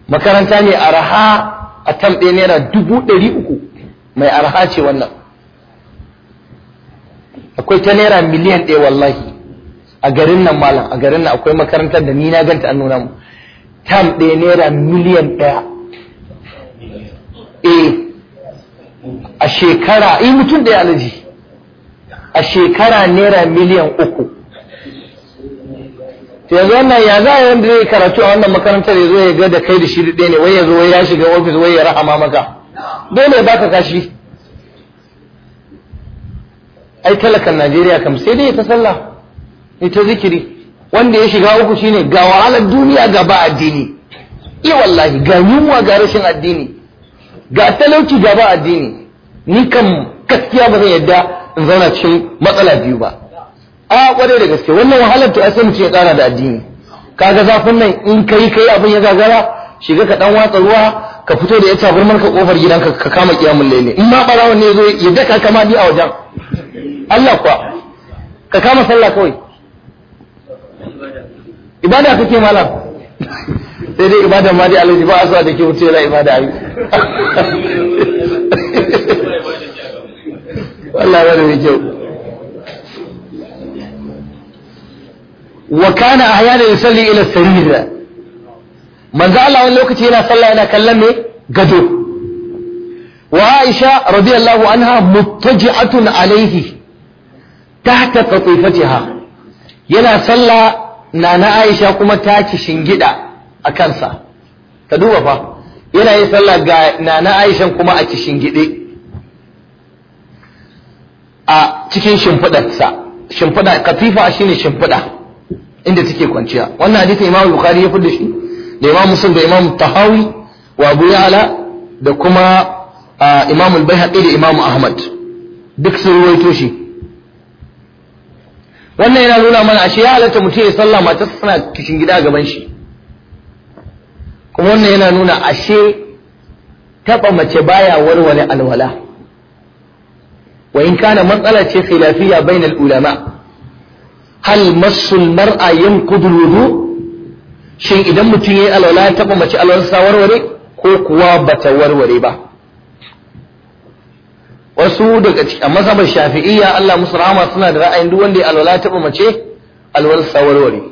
makaranta ne araha a tam ɗaya naira dubu ɗari uku mai araha ce wannan akwai ta naira miliyan ɗaya wallahi a garin nan malam a garin nan akwai makarantar da ni na ganta an nuna mu tam ɗaya naira miliyan ɗaya eh a shekara yi eh, mutum ɗaya alaji a shekara naira miliyan uku yanzu wannan ya za a yanda zai karatu a wannan makarantar ya zo ya ga da kai da shi ɗaya ne wai ya zo wai ya shiga ofis wai ya rahama maka dole ya baka kashi ai talakan Najeriya kam sai dai ta sallah ni ta zikiri wanda ya shiga uku shine ga wahalar duniya gaba addini iya wallahi ga yunwa ga rashin addini ga talauci ga addini ni kan gaskiya ba zan yadda in zauna cikin matsala biyu ba a kwarai da gaske wannan wahalar to ai sai mutum tsara da addini kaga zafin nan in kai kai abin ya zagara, shiga ka dan watsa ruwa ka fito da ya tabarmar ka kofar gidanka ka kama kiyamul laili in ma barawon ne zo ya daka kama bi a wajen Allah kuwa ka kama sallah kawai ibada kake malam sai dai ibada ma dai alaji ba a zuwa da ke wuce yana ibada ai wallahi ba mai kyau wa kana ahyana yusalli ila sarira manzo Allah wani lokaci yana sallah yana kallon me gado wa Aisha radiyallahu anha muttaji'atun alaihi tahta qatifatiha yana sallah na na Aisha kuma ta ci shingida a kansa ka duba fa yana yin sallah ga nana aishan kuma a kishin gide a cikin shimfiɗarsa shimfida katifa shine shimfida inda take kwanciya wannan hadisi imamu bukhari ya fi shi da imam muslim da Imam tahawi wa abu ya'la da kuma Imam al-baihaqi da Imam ahmad duk sun ruwaito shi wannan yana nuna mana ashe ya halatta mutum ya sallah matarsa suna kishin gida gaban shi kuma wannan yana nuna ashe taɓa mace baya warware alwala wa in kana matsala ce khilafiyya bainal ulama hal massul mar'a yanqudu wudu shin idan mutum yayi alwala taɓa mace alwalarsa warware ko kuwa bata warware ba wasu daga cikin mazhabar shafi'iyya Allah musu rahama suna da ra'ayin duk wanda ya taɓa mace alwalarsa warware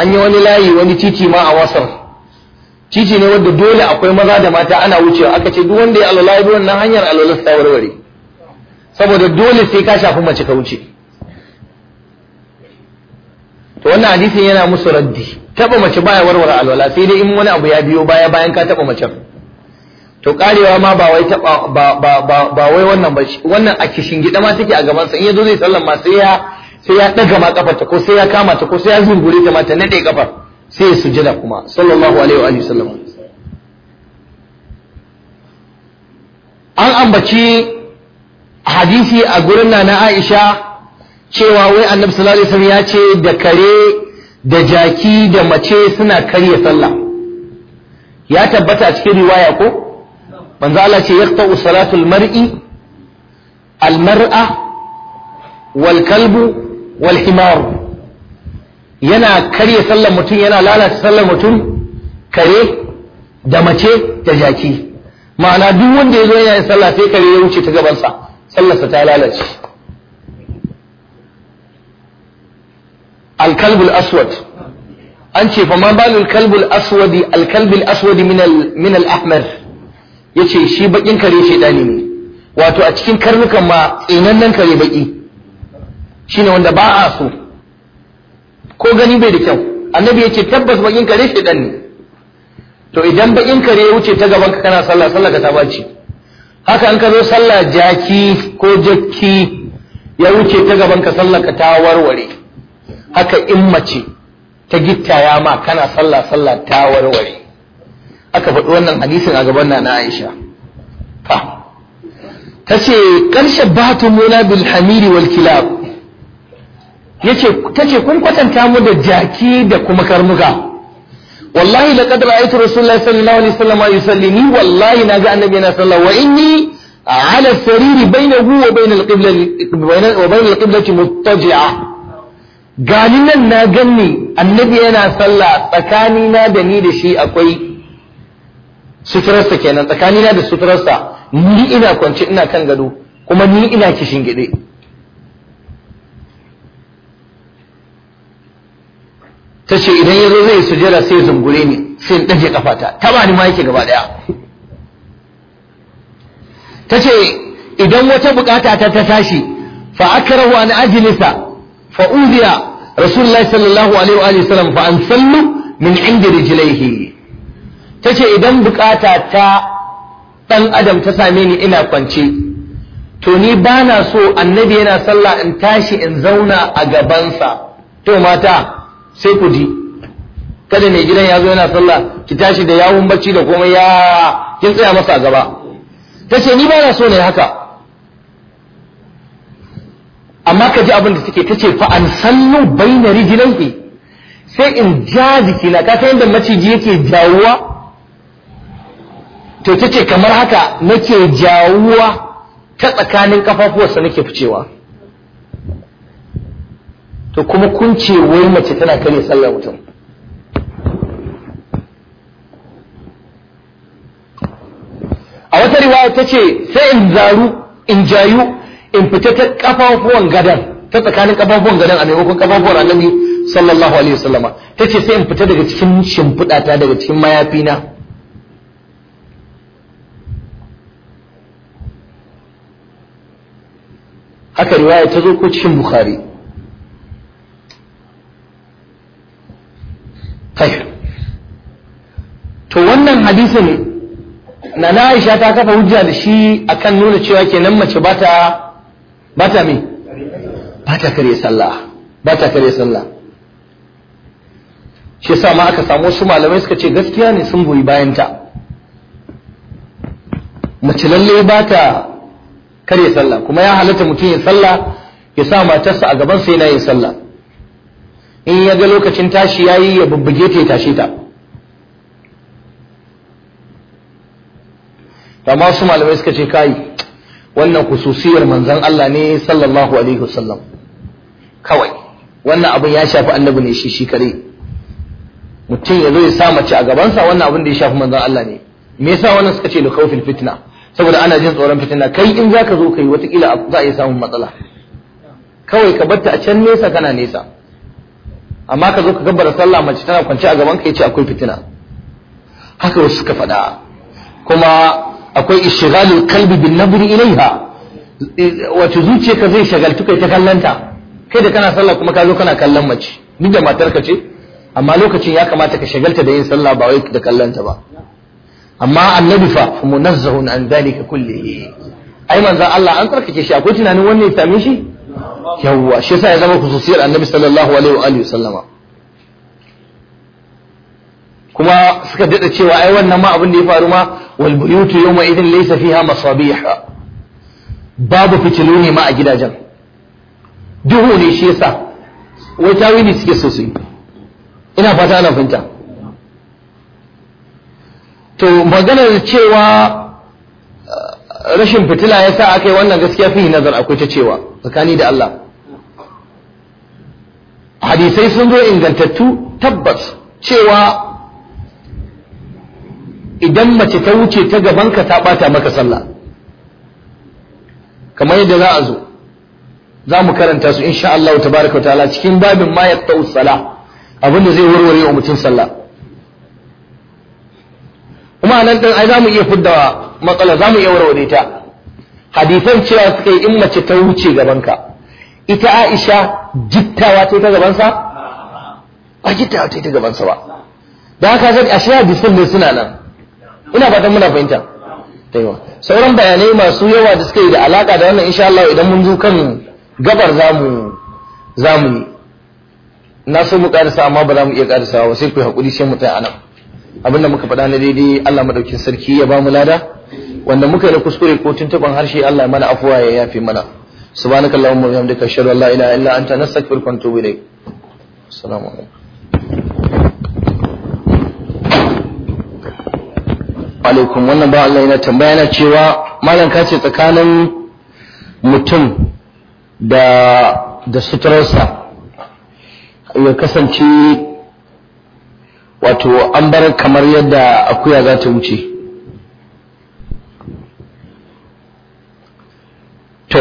an yi wani layi wani titi ma a wasar titi ne wanda dole akwai maza da mata ana wucewa aka ce duk wanda ya alwala ya bi wannan hanyar alwala ta warware saboda dole sai ka shafi mace ka wuce to wannan hadisin yana musu raddi taba mace baya warware alwala sai dai in wani abu ya biyo baya bayan ka taba mace to karewa ma ba wai taba ba ba wai wannan ba wannan a kishin gida ma take a gaban sa in yazo zai sallama sai ya sai ya ɗaga ma ta, ko sai ya kama ta ko sai ya zungure ta ma ta nade kafar sai ya sujjada kuma sallallahu alaihi wa alihi sallam an ambaci hadisi a gurin na Aisha cewa wai Annabi sallallahu alaihi wasallam ya ce da kare da jaki da mace suna karya sallah ya tabbata a cikin riwaya ko manzo Allah ce yaqta'u salatul mar'i almara, mar'a wal kalbu Walhimaru yana karya sallar mutum yana lalata sallar mutum kare da mace da jaki ma'ana duk wanda ya zo yana yin sallah sai kare ya wuce ta gabansa sallarsa ta lalace alkalbul aswad an ce fa ma balul kalbul aswadi alkalbul aswadi min al-ahmar yace shi bakin kare shedani ne wato a cikin karnukan ma tsinannen kare baki ne wanda ba a so ko gani bai da kyau annabi yace tabbas bakin kare shi ne to idan bakin kare ya wuce ta gaban ka kana sallah sallah ka ta bace. haka an ka zo sallah jaki ko jakki ya wuce ta gaban ka sallah ka ta warware haka in mace ta gittaya ma kana sallah sallah ta warware aka faɗi wannan hadisin a gaban na Aisha fa tace karshe batumuna bil hamiri wal kilab yace tace kun kwatanta mu da jaki da kuma karnuka wallahi laqad ra'aytu rasulullahi sallallahu alaihi wasallam yusalli ni wallahi na ga annabi yana sallallahu wa inni ala sariri hu wa bain al-qibla wa bain al-qibla muttaji'a gani nan na ganni annabi yana salla tsakani na da ni da shi akwai suturarsa kenan tsakani na da suturarsa ni ina kwance ina kan gado kuma ni ina kishin gide ta ce idan ya zo zai sujera sai zungure ni sai in ɗaje kafata ta ba ni ma yake gaba ɗaya ta ce idan wata bukata ta ta tashi fa akrahu an ajlisa fa udiya rasulullahi sallallahu alaihi wa fa an sallu min inda rijlaihi ta ce idan bukata ta ɗan adam ta same ni ina kwance to ni ba na so annabi yana sallah in tashi in zauna a gabansa to mata sai ku ji kada mai gidan ya zo yana sallah ki tashi da yawun bacci da komai ya kin tsaya masa gaba ta ce ni ba na so ne haka amma ka ji abin da suke ta ce fa an sallu bai na sai in ja jikina ka san yadda maciji yake jawuwa to ta ce kamar haka nake jawuwa ta tsakanin kafafuwarsa nake ficewa to kuma kun ce wai mace tana kare sallar mutum a wata riwaya ta ce sai in zaru in jayu in fita ta kafafuwan gadan ta tsakanin kafafuwan gadan a maimakon kafafuwan annabi sallallahu alaihi wasallama ta ce sai in fita daga cikin shimfiɗata daga cikin mayafina haka riwaya ta zo ko cikin bukhari to wannan hadisin na na Aisha ta kafa hujja da shi akan nuna cewa kenan mace bata bata me bata kare sallah bata kare sallah shi yasa ma aka samu wasu malamai suka ce gaskiya ne sun goyi bayan ta mace lalle bata kare sallah kuma ya halatta mutum ya sallah ya sa matarsa a gaban sai yana yin sallah in ya ga lokacin tashi ya yi ya bubbuge ta ya tashe ta amma su malamai suka ce kai wannan kususiyar manzan Allah ne sallallahu alaihi wasallam kawai wannan abin ya shafi annabi ne shi shi kare mutum ya zo ya sa mace a gabansa wannan abin da ya shafi manzan Allah ne me yasa wannan suka ce da kaufin fitna saboda ana jin tsoron fitina kai in zaka zo kai watakila za a iya samun matsala kawai ka batta a can nesa kana nesa amma ka zo ka gabbara sallah mace tana kwance a gaban ka yace akwai fitina haka wasu suka faɗa kuma akwai ishghalul qalbi bin nabri ilaiha e, wato ka zai shagaltu kai ta kai da kana sallah kuma ka zo kana kallon mace duk da matarka ce amma lokacin ya kamata ka shagalta da yin sallah ba wai da ta ba amma annabi fa munazzahun an ka kullihi ai manzo Allah an tsarkake shi akwai tunanin wannan ya same shi yawwa shi ya zama khususiyar annabi sallallahu alaihi wa alihi sallama kuma suka dada cewa ai wannan ma abin da ya faru ma wal buyutu yawma idin laysa fiha masabih babu fitilu ne ma a gidajen duhu ne shi yasa wai tawili suke so su ina fata ana fahimta to maganar cewa rashin fitila ya sa aka yi wannan gaskiya fi nazar akwai ta cewa tsakani da Allah hadisai sun zo ingantattu tabbas cewa idan mace ta wuce ta gabanka ta bata maka sallah kamar yadda za a zo za mu karanta su insha Allah baraka wa ta'ala cikin babin ma ya salah abin da zai warware wa mutum sallah kuma nan din ai za mu iya fidda matsala za mu iya warware ta hadisan cewa suka yi in mace ta wuce gabanka ita aisha jittawa ta yi ta gabansa ba jittawa ta yi ta gabansa ba da haka a ashe hadisan ne suna nan ina fatan muna fahimta sauran bayanai masu yawa da suka yi da alaka da wannan insha Allah idan mun zo kan gabar zamu zamu yi na so mu karisa amma ba za mu iya karisawa ba sai ku hakuri sai mu ta anan abinda muka faɗa na daidai Allah madaukin sarki ya ba mu lada wanda muka yi kuskure ko tuntuban harshe Allah mana afuwa ya yafe mana subhanaka allahumma wa bihamdika ashhadu an la ilaha illa anta nastaghfiruka wa natubu ilayk assalamu alaikum alaikum wannan ba Allah yana tambaya yana cewa malam ka ce tsakanin mutum da da suturarsa ya kasance wato an bar kamar yadda akuya za ta wuce to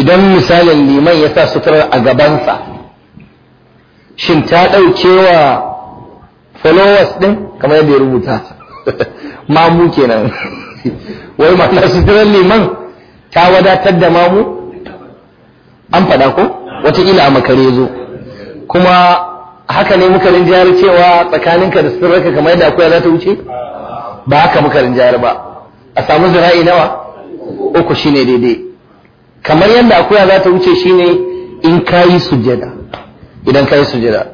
idan misalin liman ya sa suturar a gabansa shin ta wa followers ɗin kamar yadda ya rubuta mamu kenan wai mata suturar liman ta wadatar da mamu an faɗa ko wataƙila a makare zo kuma haka ne muka rinjayar cewa tsakaninka da sirrarka kamar yadda akwai za ta wuce ba haka muka rinjayar ba a samu zira'i nawa uku shine daidai kamar yadda akuya za ta wuce shine in kayi sujjada idan kayi sujjada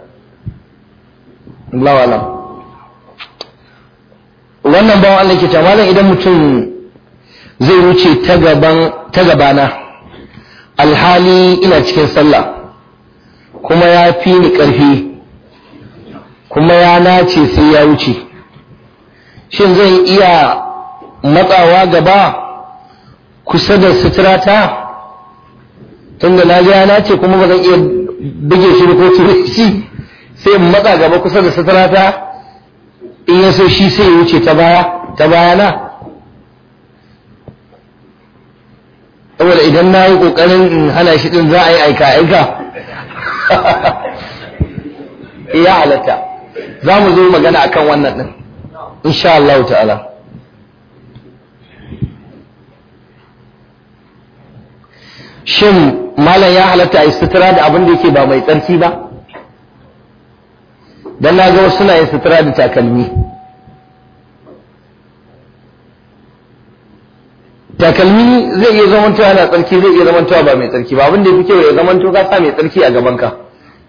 Allah alam wannan bawan Allah ke cewa malam idan mutum zai wuce ta gaban ta gabana alhali ina cikin sallah kuma ya fi ni ƙarfi kuma ya nace sai ya wuce shin zan iya matsawa gaba kusa da suturata tunda na ji na ce kuma ba zan iya buge shi ko cire shi sai in matsa gaba kusa da suturata in ya so shi sai ya wuce ta baya ta na saboda idan na yi ƙoƙarin in hana shi ɗin za a yi aika aika ya halatta za mu zo magana akan wannan din, insha Allah ta'ala shin malam ya halatta a sutura da abin da yake ba mai tsarki ba Don na ga wasu suna sutura da takalmi takalmi zai iya tuwa na tsarki zai iya tuwa ba mai tsarki ba abin da fi kyau ya zama tuwa sa mai tsarki a gaban ka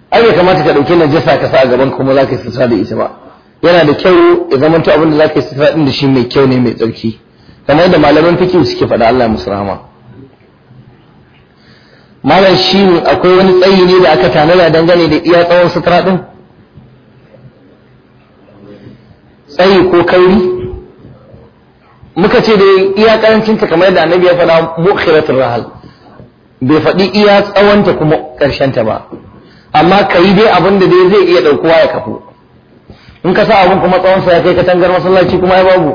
ai bai kamata ka dauki najasa ka sa a gaban kuma za ka yi sutura da ita ba yana da kyau ya abinda abin da yi sutura din da shi mai kyau ne mai tsarki kamar malaman fiqh suke faɗa Allah musu rahama malam shi akwai wani tsayi ne da aka tanada dangane da iya tsawon sutura ɗin tsayi ko kauri muka ce da iya ƙarancin ta kamar yadda annabi ya faɗa mukhiratul rahal bai faɗi iya tsawon kuma ƙarshen ta ba amma yi dai abin da dai zai iya ɗaukuwa ya kafu in ka sa abin kuma tsawonsa sa ya kai katangar masallaci kuma ya babu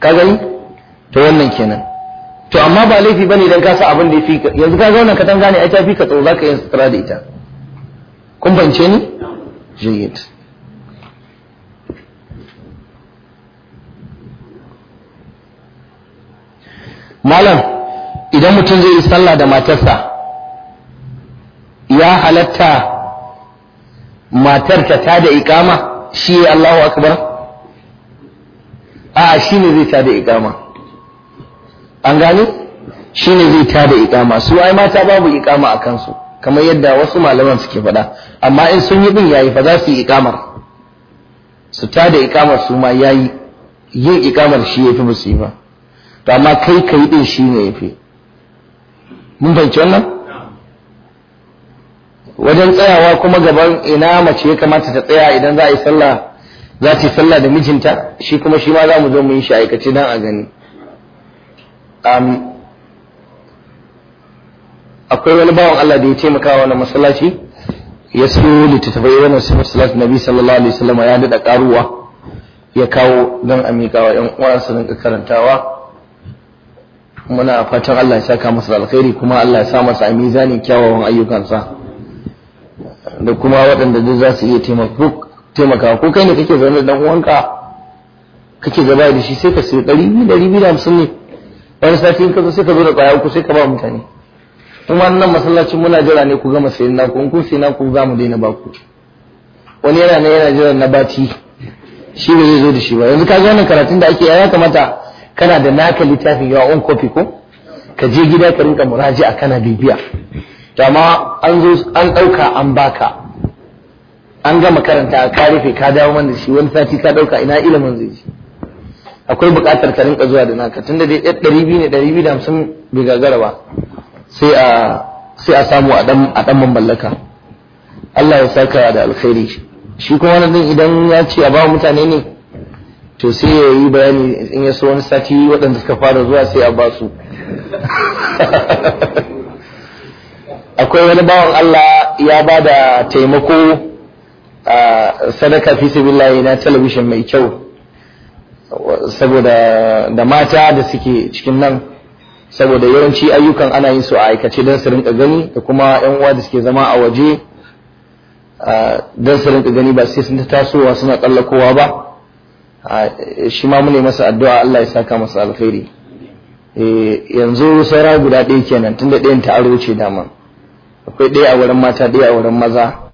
ka gani ta wannan kenan to amma ba laifi bane idan ka sa abin da ya fi ka yanzu ka zauna ka katanga ne ai ta fi ka tsoro zaka yi sutura da ita kun bance ni jayyid malam idan mutum zai yi sallah da matarsa ya halatta matar ta da ikama shi Allahu akbar a shi ne zai ta da ikama an gane ne zai tada ikama su ai mata babu ikama a kansu kamar yadda wasu malaman suke faɗa amma in sun yi bin yayi fa za su yi ikamar su tada ikamar su ma yayi yin ikamar shi yafi musiba to amma kai kai din shi ne yafi mun fahimci wannan wajen tsayawa kuma gaban ina mace ya kamata ta tsaya idan za a yi sallah za ta yi sallah da mijinta shi kuma shi ma za mu zo mu yi shi aikace dan a gani akwai wani bawan Allah da ya taimaka wa wani masallaci ya siyo littattafai wannan su masallaci nabi sallallahu alaihi wasallam ya dada karuwa ya kawo don a miƙa wa uwan sa rinka karantawa muna fatan Allah ya saka masa alkhairi kuma Allah ya sa masa a mizanin kyawawan ayyukansa da kuma waɗanda duk za su iya taimaka ko kai ne kake zaune da ɗan uwanka kake gaba da shi sai ka siyo ɗari biyu ɗari biyu da hamsin ne wani sati in ka zo sai ka zo da kwaya uku sai ka ba mutane kuma nan masallacin muna jira ne ku gama sayin naku in kun sayi naku za mu daina baku wani yana ne yana jiran na bati shi ba zai zo da shi ba yanzu ka ga wannan karatun da ake ya kamata kana da naka littafin yawa on copy ko ka je gida ka rinka muraji'a kana bibiya to amma an zo an dauka an baka an gama karanta ka rufe ka dawo mana shi wani sati ka dauka ina ilimin zai ji akwai buƙatar ka rinka zuwa da naka tunda dai ɗari biyu ne ɗari biyu da hamsin bai gagara ba sai a sai a samu a ɗan a mallaka Allah ya saka da alkhairi shi kuma wannan din idan ya ce a ba mutane ne to sai ya yi bayani in ya so wani sati waɗanda suka fara zuwa sai a ba su akwai wani bawan Allah ya ba da taimako a sadaka fi sabilillah na talabishin mai kyau saboda da mata da suke cikin nan saboda yawanci ayyukan ana yin su a aikace don su rinka gani da kuma yan uwa da suke zama a waje don su rinka gani ba sai sun ta tasowa suna tsallakowa ba shi ma mune masa addu'a Allah ya saka masa alkhairi e, yanzu saura guda ɗaya kenan tunda ɗayan ta aro ce dama akwai ɗaya a wurin mata ɗaya a wurin maza